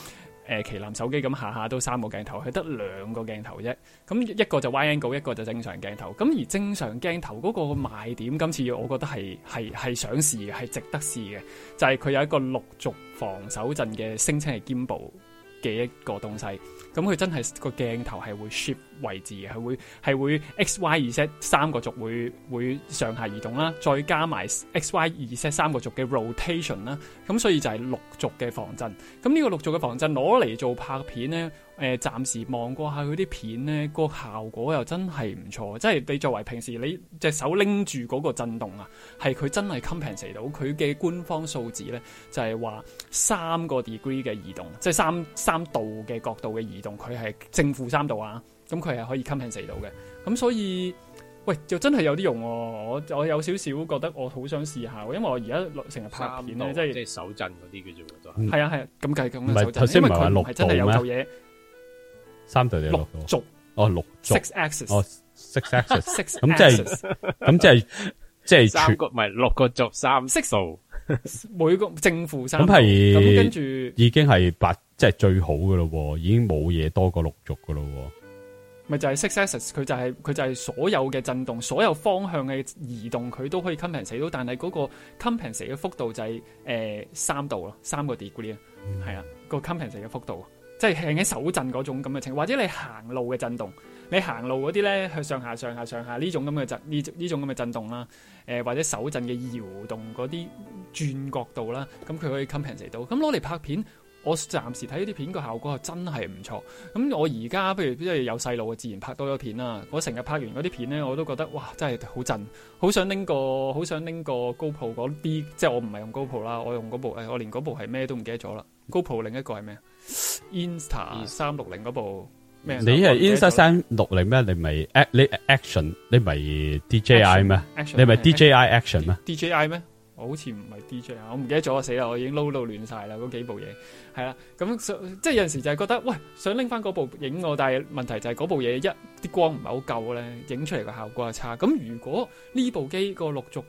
誒麒麟手機咁，下下都三個鏡頭，係得兩個鏡頭啫。咁一個就 Wide Angle，一個就正常鏡頭。咁而正常鏡頭嗰個賣點，今次我覺得係係係想試嘅，係值得試嘅，就係佢有一個六軸防手震嘅聲稱係肩部嘅一個東西。咁佢真係、嗰個鏡頭係會 shift 位置嘅，係會係會 x y z 三個軸會會上下移動啦，再加埋 x y z 三個軸嘅 rotation 啦，咁所以就係六軸嘅防震。咁呢個六軸嘅防震攞嚟做拍片咧。誒、呃、暫時望過下佢啲片咧，個效果又真係唔錯。即係你作為平時你隻手拎住嗰個震動啊，係佢真係 compensate 到。佢嘅官方數字咧就係話三個 degree 嘅移動，即係三三度嘅角度嘅移動，佢係正負三度啊。咁佢係可以 compensate 到嘅。咁所以喂，就真係有啲用，啊。我我有少少覺得我好想試下，因為我而家成日拍片咧，即係手震嗰啲嘅啫喎。係啊係，咁計咁。唔係頭先真係有嘢。三度定六軸哦，六軸。Six axis 哦，six axis，six。咁即係，咁即係，即係三個唔係六個軸，三 six 數，每個正負三。咁係，咁跟住已經係八，即係最好噶咯，已經冇嘢多過六軸噶咯。咪就係 six axis，佢就係佢就係所有嘅震動，所有方向嘅移動，佢都可以 compensate 到，但係嗰個 compensate 嘅幅度就係誒三度咯，三個 degree 啊，係啊，個 compensate 嘅幅度。即係喺手震嗰種咁嘅情況，或者你行路嘅震動，你行路嗰啲咧去上下、上下、上下呢種咁嘅震呢呢種咁嘅震動啦。誒、呃、或者手震嘅搖動嗰啲轉角度啦，咁佢可以 compensate 到。咁攞嚟拍片，我暫時睇呢啲片個效果係真係唔錯。咁我而家譬如因為有細路啊，自然拍多咗片啦。我成日拍完嗰啲片咧，我都覺得哇，真係好震，好想拎個好想拎個 GoPro 嗰啲，即係我唔係用 GoPro 啦，我用嗰部、哎、我連嗰部係咩都唔記得咗啦。GoPro 另一個係咩？Insta 三六零嗰部，你係 Insta 三六零咩？你咪你 Action，你咪 DJI 咩？你咪 DJI Action 咩？DJI 咩？我好似唔係 DJI，我唔記得咗啊！死啦，我已經撈到亂晒啦，嗰幾部嘢係啦。咁即係有陣時就係覺得，喂，想拎翻嗰部影我，但係問題就係嗰部嘢一啲光唔係好夠咧，影出嚟個效果係差。咁如果呢部機個陸續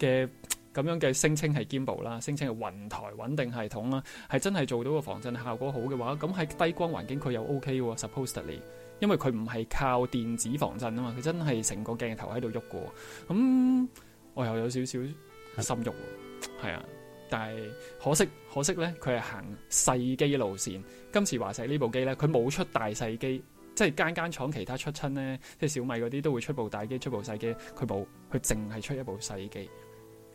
嘅。咁樣嘅聲稱係 gimbal 啦，聲稱係雲台穩定系統啦，係真係做到個防震效果好嘅話，咁喺低光環境佢又 O K 喎。Supposedly，因為佢唔係靠電子防震啊嘛，佢真係成個鏡頭喺度喐過。咁、嗯、我又有少少心郁，係啊，但係可惜可惜呢，佢係行細機路線。今次華碩呢部機呢，佢冇出大細機，即係間間廠其他出親呢，即係小米嗰啲都會出部大機出部細機，佢冇，佢淨係出一部細機。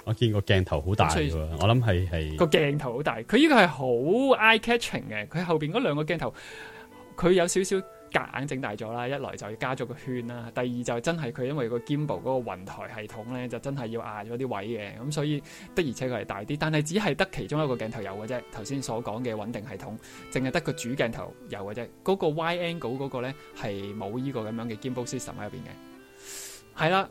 我見過鏡頭好大，那個鏡頭好大，我諗係係個鏡頭好大。佢呢個係好 eye catching 嘅。佢後邊嗰兩個鏡頭，佢有少少夾硬整大咗啦。一來就要加咗個圈啦，第二就是真係佢因為個 gimbal 嗰個雲台系統咧，就真係要壓咗啲位嘅。咁所以的而且確係大啲，但係只係得其中一個鏡頭有嘅啫。頭先所講嘅穩定系統，淨係得個主鏡頭有嘅啫。嗰、嗰個 Y angle 嗰個咧係冇呢個咁樣嘅 gimbal system 喺入邊嘅。係啦。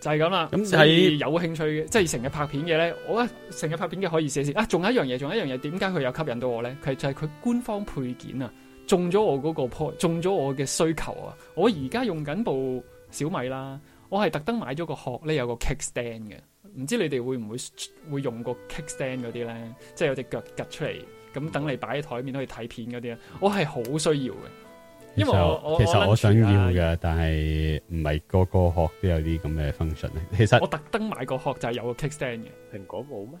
就係咁啦，咁、嗯、係有興趣嘅，即係成日拍片嘅咧，我覺得成日拍片嘅可以試先。啊，仲有一樣嘢，仲有一樣嘢，點解佢有吸引到我咧？佢就係、是、佢官方配件啊，中咗我嗰、那個 port，中咗我嘅需求啊！我而家用緊部小米啦，我係特登買咗個殼咧，有個 kickstand 嘅。唔知你哋會唔會會用個 kickstand 嗰啲咧？即、就、係、是、有隻腳趌出嚟，咁等你擺喺台面都可以睇片嗰啲啊。我係好需要嘅。其實因為其實我想要嘅，但係唔係個個殼都有啲咁嘅 function。其實我特登買個殼就係有個 kickstand 嘅，蘋果冇咩？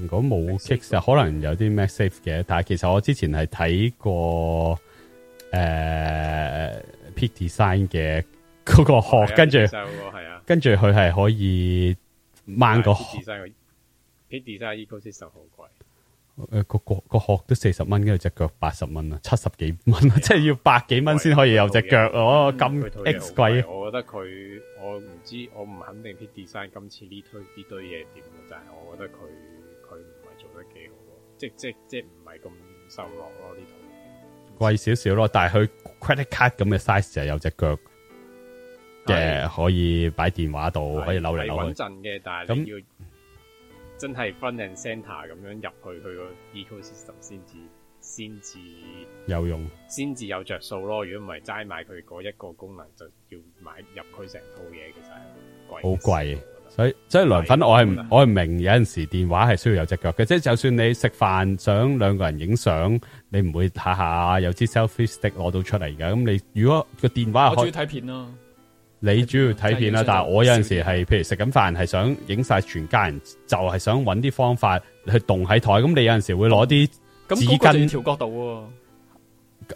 蘋果冇 kick 可能有啲 MagSafe 嘅。但係其實我之前係睇過誒 Peak Design 嘅嗰個殼，跟住係啊，跟住佢係可以掹個 Peak Design 嘅 ecosystem 好貴。誒、呃，個個個殼都四十蚊，跟住隻腳八十蚊啊，七十幾蚊，即係要百幾蚊先可以有隻腳咯。咁、哦嗯、X 貴，我覺得佢，我唔知，我唔肯定這這。Pete Design 今次呢堆呢堆嘢點，但係我覺得佢佢唔係做得幾好，即係即係即係唔係咁受落咯呢套。貴少貴少咯，但係佢 credit card 咁嘅 size 就係有隻腳嘅，可以擺電話度，可以扭嚟扭去。穩陣嘅，但係你要。真係 front and center 咁樣入去佢個 ecosystem 先至先至有用，先至有着數咯。如果唔係，齋買佢嗰一個功能就要買入佢成套嘢，其實係好貴。所以所以，涼粉我係我係唔明有陣時電話係需要有隻腳嘅，即係就算你食飯想兩個人影相，你唔會下下有支 selfie stick 攞到出嚟㗎。咁你如果個電話我中意睇片咯。你主要睇片啦，但係我有陣時係譬如食緊飯，係想影晒全家人，就係、是、想揾啲方法去動喺台。咁你有陣時會攞啲紙巾調角度。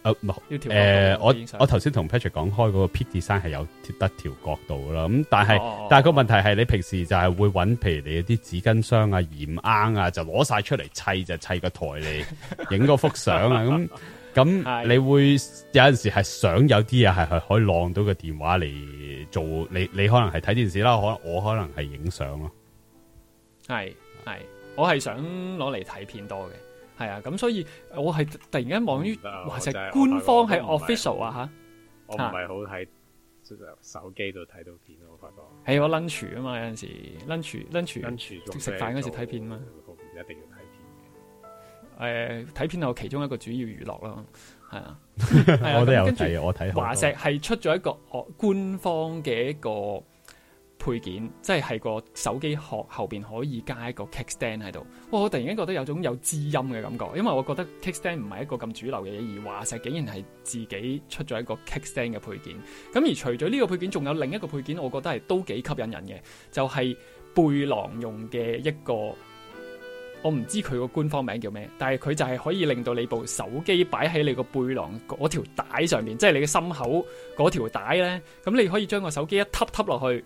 誒、呃，我我頭先同 Patrick 講開嗰個 Peak Design 係有得調角度啦。咁、呃那個嗯、但係、啊啊啊啊啊、但係個問題係你平時就係會揾譬如你啲紙巾箱啊、鹽罌啊，就攞晒出嚟砌就砌個台嚟影個幅相啊咁。 張 咁你會有陣時係想有啲嘢，係係可以浪到個電話嚟做，你你可能係睇電視啦，可能我可能係影相咯。係係，我係想攞嚟睇片多嘅，係啊，咁所以我係突然間望於，或者、哇就係、官方係 official 啊吓，我唔係好喺手機度睇到片咯。我發覺係我 lunch 啊嘛，有陣時 lunch lunch lunch 食飯嗰時睇片嘛。誒、呃，睇片係我其中一個主要娛樂咯，係啊， 啊，我都有。跟住我睇華碩係出咗一個、哦、官方嘅一個配件，即係係個手機殼後邊可以加一個 kickstand 喺度。哇！我突然間覺得有種有知音嘅感覺，因為我覺得 kickstand 唔係一個咁主流嘅嘢，而華碩竟然係自己出咗一個 kickstand 嘅配件。咁而除咗呢個配件，仲有另一個配件，我覺得係都幾吸引人嘅，就係、是、背囊用嘅一個。我唔知佢個官方名叫咩，但係佢就係可以令到你部手機擺喺你個背囊嗰條帶上面，即係你嘅心口嗰條帶咧，咁你可以將個手機一揷揷落去。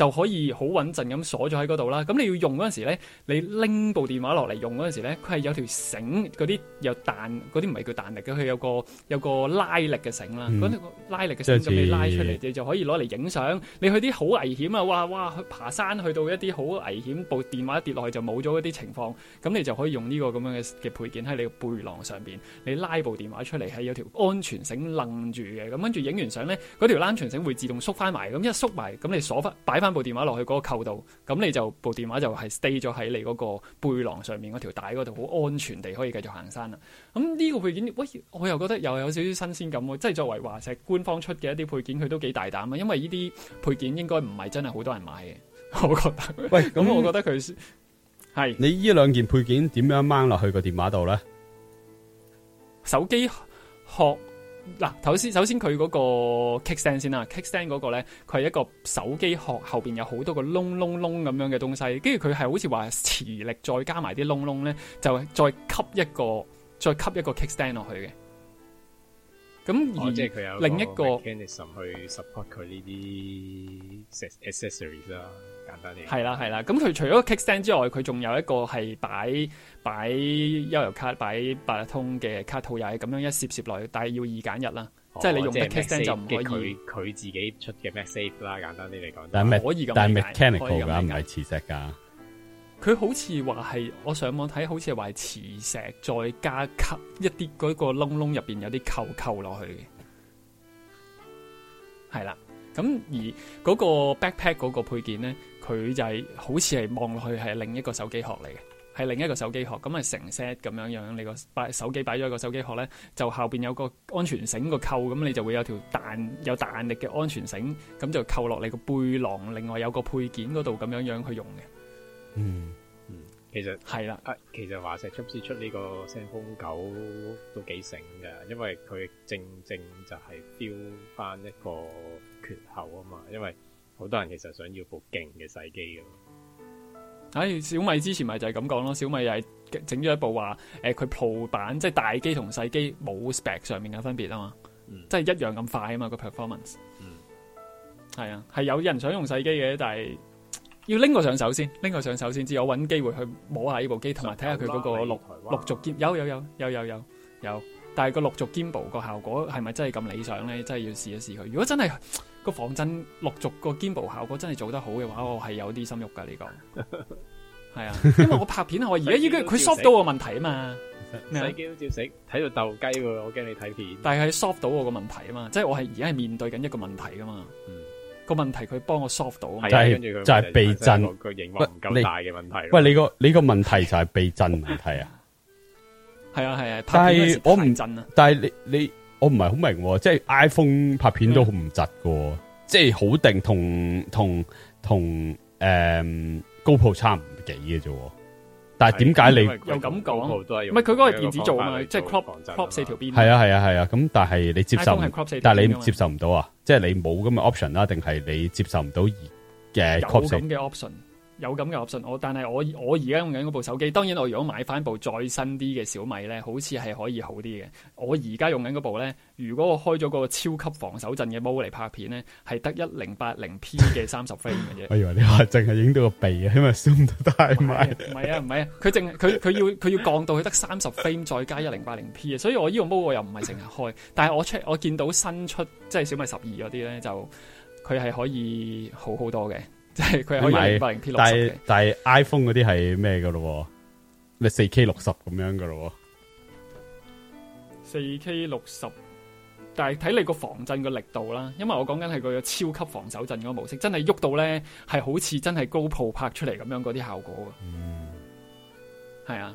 就可以好穩陣咁鎖咗喺嗰度啦。咁你要用嗰陣時咧，你拎部電話落嚟用嗰陣時咧，佢係有條繩，嗰啲有彈，嗰啲唔係叫彈力嘅，佢有個有個拉力嘅繩啦。嗰、嗯、個拉力嘅繩就可以拉出嚟，你就可以攞嚟影相。你去啲好危險啊！哇哇，去爬山去到一啲好危險，部電話一跌落去就冇咗一啲情況，咁你就可以用呢個咁樣嘅嘅配件喺你背囊上邊，你拉部電話出嚟，係有條安全繩楞住嘅。咁跟住影完相咧，嗰條安全繩會自動縮翻埋。咁一縮埋，咁你鎖翻擺翻。部電話落去個扣度，咁你就部電話就係 stay 咗喺你嗰個背囊上面嗰條帶嗰度，好安全地可以繼續行山啦。咁呢個配件，喂，我又覺得又有少少新鮮感啊。即係作為華碩官方出嘅一啲配件，佢都幾大膽啊。因為呢啲配件應該唔係真係好多人買嘅，我覺得。喂，咁 我覺得佢係、嗯、你呢兩件配件點樣掹落去個電話度呢？手機殼。嗱、啊，頭先首先佢嗰個 kickstand 先啦，kickstand 嗰個咧，佢係一個手機殼後邊有好多個窿窿窿咁樣嘅東西，跟住佢係好似話磁力再加埋啲窿窿咧，就再吸一個再吸一個 kickstand 落去嘅。咁而，而一、哦、即一佢有另一個去 support 佢呢啲 accessories 啦、啊，簡單啲。係啦、啊，係啦、啊。咁、嗯、佢除咗 kickstand 之外，佢仲有一個係擺擺悠遊，遊卡、擺八達通嘅卡套，又係咁樣一攝攝落去，但係要二揀一啦。即係你用嘅 kickstand、哦、就唔可以，佢自己出嘅 MagSafe 啦，簡單啲嚟講。但係唔係可以咁解，但係 mechanical 噶，唔係磁石噶。佢好似話係，我上網睇，好似係話係磁石再加吸一啲嗰、嗰個窿窿入邊有啲扣扣落去嘅，係啦。咁而嗰個 backpack 嗰個配件呢，佢就係、係、好似係望落去係另一個手機殼嚟嘅，係另一個手機殼。咁啊成 set 咁樣樣，你個擺手機擺咗個手機殼呢，就後邊有個安全繩個扣，咁你就會有條彈有彈力嘅安全繩，咁就扣落你個背囊。另外有個配件嗰度咁樣樣去用嘅。嗯嗯，其實係啦，啊，其實華碩出唔出出呢個 ZenPhone 9都幾醒噶，因為佢正正就係丟翻一個缺口啊嘛，因為好多人其實想要部勁嘅細機噶。唉、哎，小米之前咪就係咁講咯，小米又係整咗一部話，誒、呃，佢 Pro 版即係大機同細機冇 spec 上面嘅分別啊、嗯、嘛，即係一樣咁快啊嘛，個 performance。嗯，係啊，係有人想用細機嘅，但係。要拎個上手先，拎個上手先至我揾機會去摸下呢部機，同埋睇下佢嗰個六六軸 gimbal。有有有有有有有。但係個六軸 gimbal 個效果係咪真係咁理想咧？真係要試一試佢。如果真係個防震六軸個 gimbal 效果真係做得好嘅話，我係有啲心喐噶呢個。係 啊，因為我拍片係我而家依家佢 soft 到個問題啊嘛。咩啊？幾多照食，睇到鬥雞喎，我驚你睇片。但係 soft 到我個問題啊嘛，即係我係而家係面對緊一個問題噶嘛。嗯個問題佢幫我 solve 到，是啊，就係，是，就係地震佢影幕唔夠大嘅問題。喂，你，這個你個問題就係地震問題 啊？係啊係啊，但係我唔，但係你你我唔係好明，即係 iPhone 拍片都好唔疾嘅，即係好定同同同誒高 Pro 差唔幾嘅啫。但係點解你,你又咁講？唔係佢嗰個電子做嘛，即係 crop crop 四條邊。係啊係啊係啊，咁、就是、crop, 但係你,你接受，但係你接受唔到啊！即係你冇咁嘅 option 啦，定係你接受唔到而嘅 option？有咁嘅合信我，但係我我而家用緊嗰部手機，當然我如果買翻部再新啲嘅小米咧，好似係可以好啲嘅。我而家用緊嗰部咧，如果我開咗個超級防守陣嘅 mode 嚟拍片咧，係得一零八零 P 嘅三十 frame 嘅啫。 我以為你話淨係影到個鼻是是啊，因為收唔到得唔係啊，唔係啊，佢淨佢佢要佢要降到佢得三十 frame 再加一零八零 P 啊，所以我呢個 mode 我又唔係成日開。但係我出我見到新出即係小米十二嗰啲咧，就佢係可以好好多嘅。即係佢可以五百零 P 六十，但係 iPhone 嗰啲係咩嘅咯？你四 K 六十咁樣嘅咯？四 K 六十，但係睇你個防震嘅力度啦。因為我講緊係個超級防手震嗰個模式，真係喐到咧，係好似真係 GoPro 拍出嚟咁樣嗰啲效果、嗯、係啊！係啊，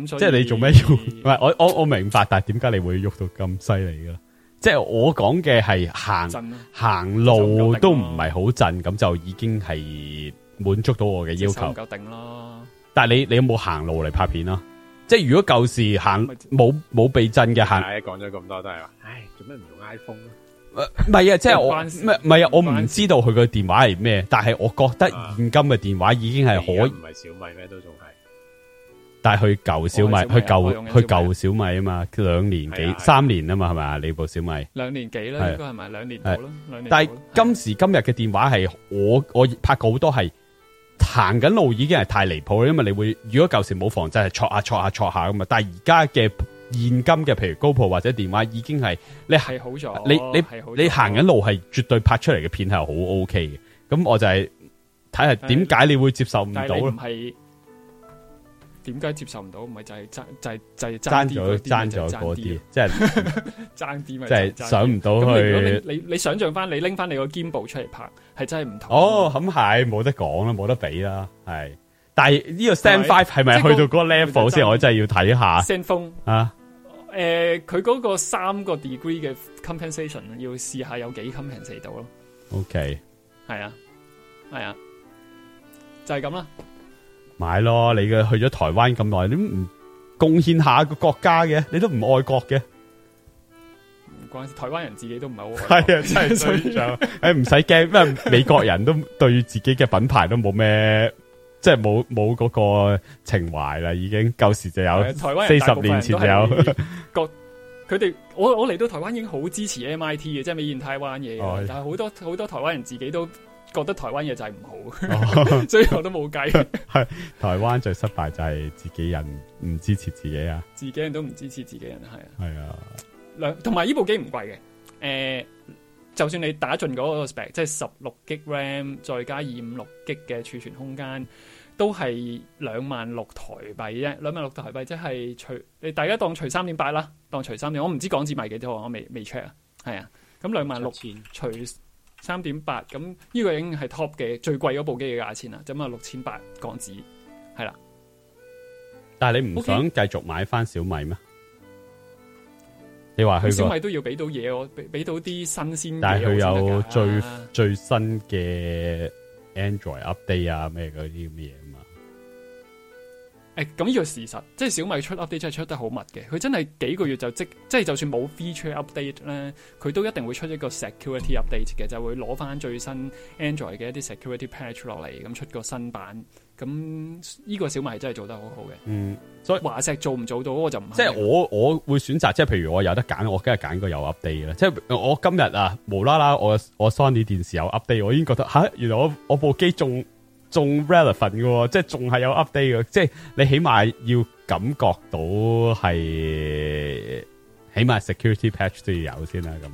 咁所以即係你做咩用？喂，我我我明白，但係點解你會喐到咁犀利嘅？即係我講嘅係行行路都唔係好震，咁就已經係滿足到我嘅要求。夠定咯！但係你你有冇行路嚟拍片啦、啊？即係如果舊時行冇冇避震嘅行，講咗咁多都係話，唉，做咩唔用 iPhone？唔係啊，即係我唔係啊，我唔知道佢個電話係咩，但係我覺得現今嘅電話已經係可唔係、啊、小米咩都做。但係去舊小米，去舊去舊小米啊嘛，佢兩年幾三年啊嘛，係咪啊？你部小米兩年幾啦，應該係咪兩年？係啦，兩年。但係今時今日嘅電話係我我拍過好多係行緊路已經係太離譜啦，因為你會如果舊時冇防震係戳下戳下戳下咁啊，但係而家嘅現今嘅譬如 GoPro 或者電話已經係你係好咗，你你你行緊路係絕對拍出嚟嘅片係好 O K 嘅。咁我就係睇下點解你會接受唔到咯。點解接受唔到？唔係就係爭，就係、係、就係爭咗爭咗嗰啲，即係爭啲，咪？即係上唔到去你。你你想象翻，你拎翻你個肩部出嚟拍，係真係唔同。哦，咁係冇得講啦，冇得比啦，係。但係呢個 ZenPhone 9係咪去到嗰個 level 先、嗰個？我真係要睇下。ZenPhone 啊，誒、呃，佢嗰個三個 degree 嘅 compensation 要試下有幾 compensation 到咯。OK，係啊，係啊，就係、係、咁啦。買咯，你嘅去咗台灣咁耐，你都唔貢獻下一個國家嘅，你都唔愛國嘅。唔關事，台灣人自己都唔愛國。係啊，所以就誒唔使驚，因為美國人都對自己嘅品牌都冇咩，即係冇冇嗰個情懷啦，已經舊時就有，台灣四十年前就有。國，佢哋我我嚟到台灣已經好支持 MIT 嘅，即係美現台灣嘢。但係好多好多台灣人自己都。覺得台灣嘢就係唔好， 所以我都冇計。係台灣最失敗就係自己人唔支持自己啊，自己人都唔支持自己人，係啊，係啊。兩同埋呢部機唔貴嘅，誒、呃，就算你打盡嗰個 spec，即係十六 G RAM 再加二五六 G 嘅儲存空間，都係兩萬六台幣啫。兩萬六台幣即係除，你大家當除三點八啦，當除三點。我唔知港紙賣幾多，我未未 check 啊。係啊，咁兩萬六除。三點八，咁呢個已經係 top 嘅最貴嗰部機嘅價錢啦，咁啊六千八港紙係啦。但係你唔想繼續買返小米咩？你話去小米都要俾到嘢我，俾俾到啲新鮮。但係佢有最最新嘅 Android update 啊，咩嗰啲咁嘅嘢。誒咁呢個事實，即係小米出 update 真係出得好密嘅。佢真係幾個月就即即係就算冇 feature update 咧，佢都一定會出一個 security update 嘅，就會攞翻最新 Android 嘅一啲 security patch 落嚟，咁出個新版。咁呢個小米真係做得好好嘅。嗯，所以華碩做唔做到我就唔即係我我會選擇，即係譬如我有得揀，我梗係揀個有 update 嘅。即係我今日啊，無啦啦，我我 Sony 電視有 update，我已經覺得吓、啊、原來我我部機仲～仲 relevant 嘅，即係仲係有 update 嘅，即係你起碼要感覺到係起碼 security patch 都要有先啦。咁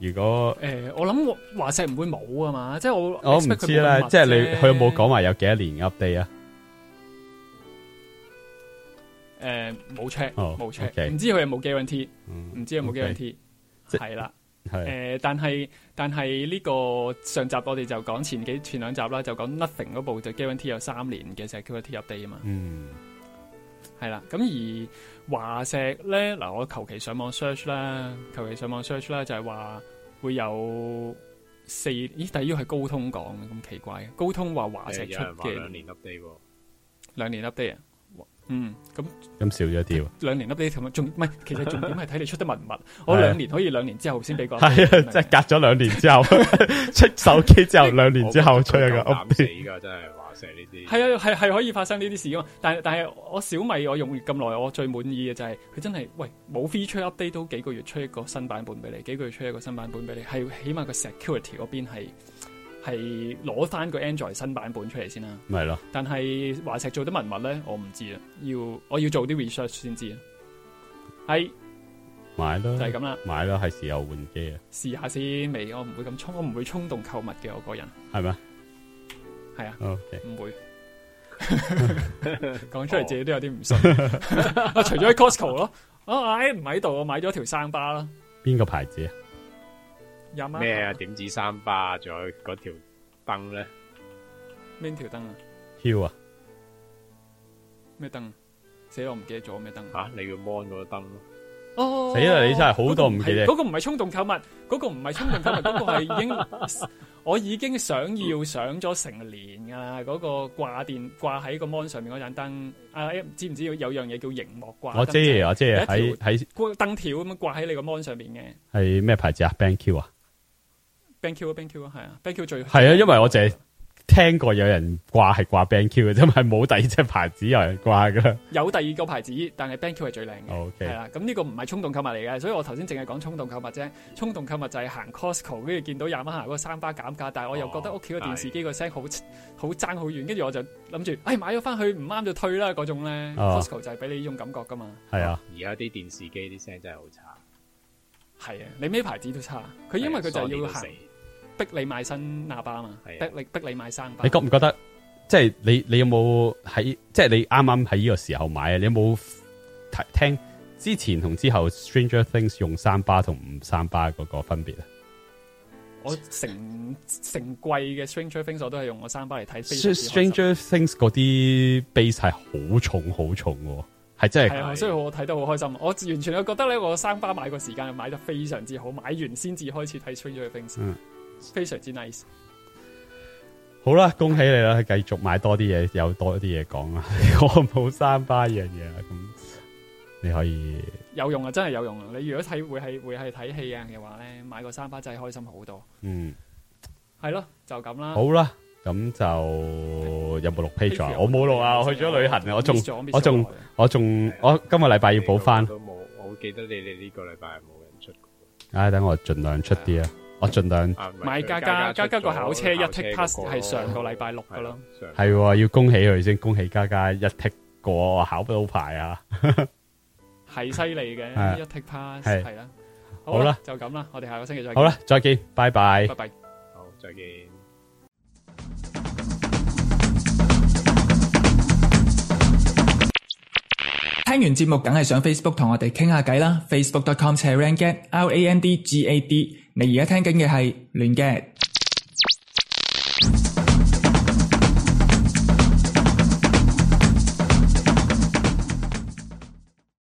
如果誒、呃，我諗華碩唔會冇啊嘛，即係我我唔知啦、呃哦 okay. 嗯 okay，即係你佢有冇講埋有幾多年 update 啊？誒，冇 check，冇 check，唔知佢有冇 guarantee，唔知佢有冇 guarantee，係啦。.誒、啊呃，但係但係呢個上集我哋就講前幾前兩集、嗯、啦，啦，就講 Nothing 嗰部就 guarantee 有三年嘅 security update 啊嘛，嗯，係啦，咁而華碩咧嗱，我求其上網 search 啦，求其上網 search 啦，就係話會有四咦，但係要係高通講，咁奇怪，高通話華碩出嘅，兩年 update，兩年 update 啊。嗯，咁咁少咗啲，兩年 update 仲唔係？其實重點係睇你出得密唔密。 我兩年可以兩年之後先俾個，係 啊，即係隔咗兩年， 年之後出手機之後兩年之後出一個 update。真係話成呢啲，係啊係係可以發生呢啲事啊。但但係我小米我用完咁耐，我最滿意嘅就係、是、佢真係喂冇 feature update 都幾個月出一個新版本俾你，幾個月出一個新版本俾你，係起碼個 security 嗰邊係。係攞翻個 Android 新版本出嚟先啦，係咯。但係華碩做啲文物咧，我唔知啦。要我要做啲 research 先知啊。係買咯，就係咁啦。買咯，係時候換機啊。試下先未？我唔會咁衝，我唔會衝動購物嘅我個人。係咪？係啊，okay，唔會。講 出嚟自己都有啲唔信。 除咗喺 Costco 咯、 哦，我喺唔喺度？我買咗條生巴啦。邊個牌子啊？咩啊？點止三巴，仲有嗰條燈咧？邊條燈啊？Q 啊？咩燈？死啦！我唔記得咗咩燈？吓，你要 mon 嗰個燈咯？哦，死啦！你真係好多唔記得。嗰個唔係衝動購物，嗰個唔係衝動購物，嗰個係已經，我已經想要上咗成年噶啦。嗰個掛電掛喺個 mon 上面嗰盞燈，誒，知唔知有有樣嘢叫熒幕掛燈？我知啊，即係喺喺燈條咁樣掛喺你個 mon 上面嘅。係咩牌子啊？BenQ 啊？BenQ 啊，BenQ 啊，係啊，BenQ 最好，係啊，因為我淨係聽過有人掛係掛 BenQ 嘅，因為係冇第二隻牌子有人掛嘅，有第二個牌子，但係 BenQ 係最靚嘅。O K，係啦，咁呢個唔係衝動購物嚟嘅，所以我頭先淨係講衝動購物啫。衝動購物就係行 Costco，跟住見到廿蚊行嗰三花減價，但係我又覺得屋企個電視機個聲好好爭好遠，跟、哦、住我就諗住，哎，買咗翻去唔啱就退啦嗰種咧、哦。Costco 就係俾你呢種感覺噶嘛。係啊，而家啲電視機啲聲真係好差。係啊，你咩牌子都差，佢因為佢就係要行。逼你買新喇叭啊嘛，逼你逼你買三巴。你覺唔覺得，即係你你有冇喺，即係你啱啱喺呢個時候買啊？你有冇聽之前同之後 Stranger Things 用三巴同五三巴嗰個分別啊？我成成季嘅 Stranger Things 我都係用我三巴嚟睇。Stranger Things 嗰啲 base 係好重好重喎，係真係啊。所以我睇得好開心。我完全我覺得咧，我三巴買個時間買得非常之好，買完先至開始睇 Stranger Things。嗯非常之 nice，好啦，恭喜你啦！繼續買多啲嘢，有多啲嘢講啦。我冇三巴呢樣嘢啊，咁你可以有用啊，真係有用啊！你如果睇會係會係睇戲嘅話咧，買個三巴真係開心好多。嗯，係咯，就咁啦。好啦，咁就有冇錄片在？我冇錄啊，我去咗旅行啊，我仲我仲我仲我今個禮拜要補翻。都冇，我記得你哋呢個禮拜係冇人出。唉，等我盡量出啲啊！我盡量買嘉嘉嘉嘉個考車一 take pass，係上個禮拜六噶咯，係要恭喜佢先，恭喜嘉嘉一 take 過考到牌啊，係犀利嘅一 take pass，係啦。好啦，就咁啦，我哋下個星期再見，好啦，再見，拜拜，拜拜，好，再見。聽完節目，梗係上 Facebook 同我哋傾下偈啦，Facebook.com/cerangget l a n d g a d 你而家聽緊嘅係亂 gad。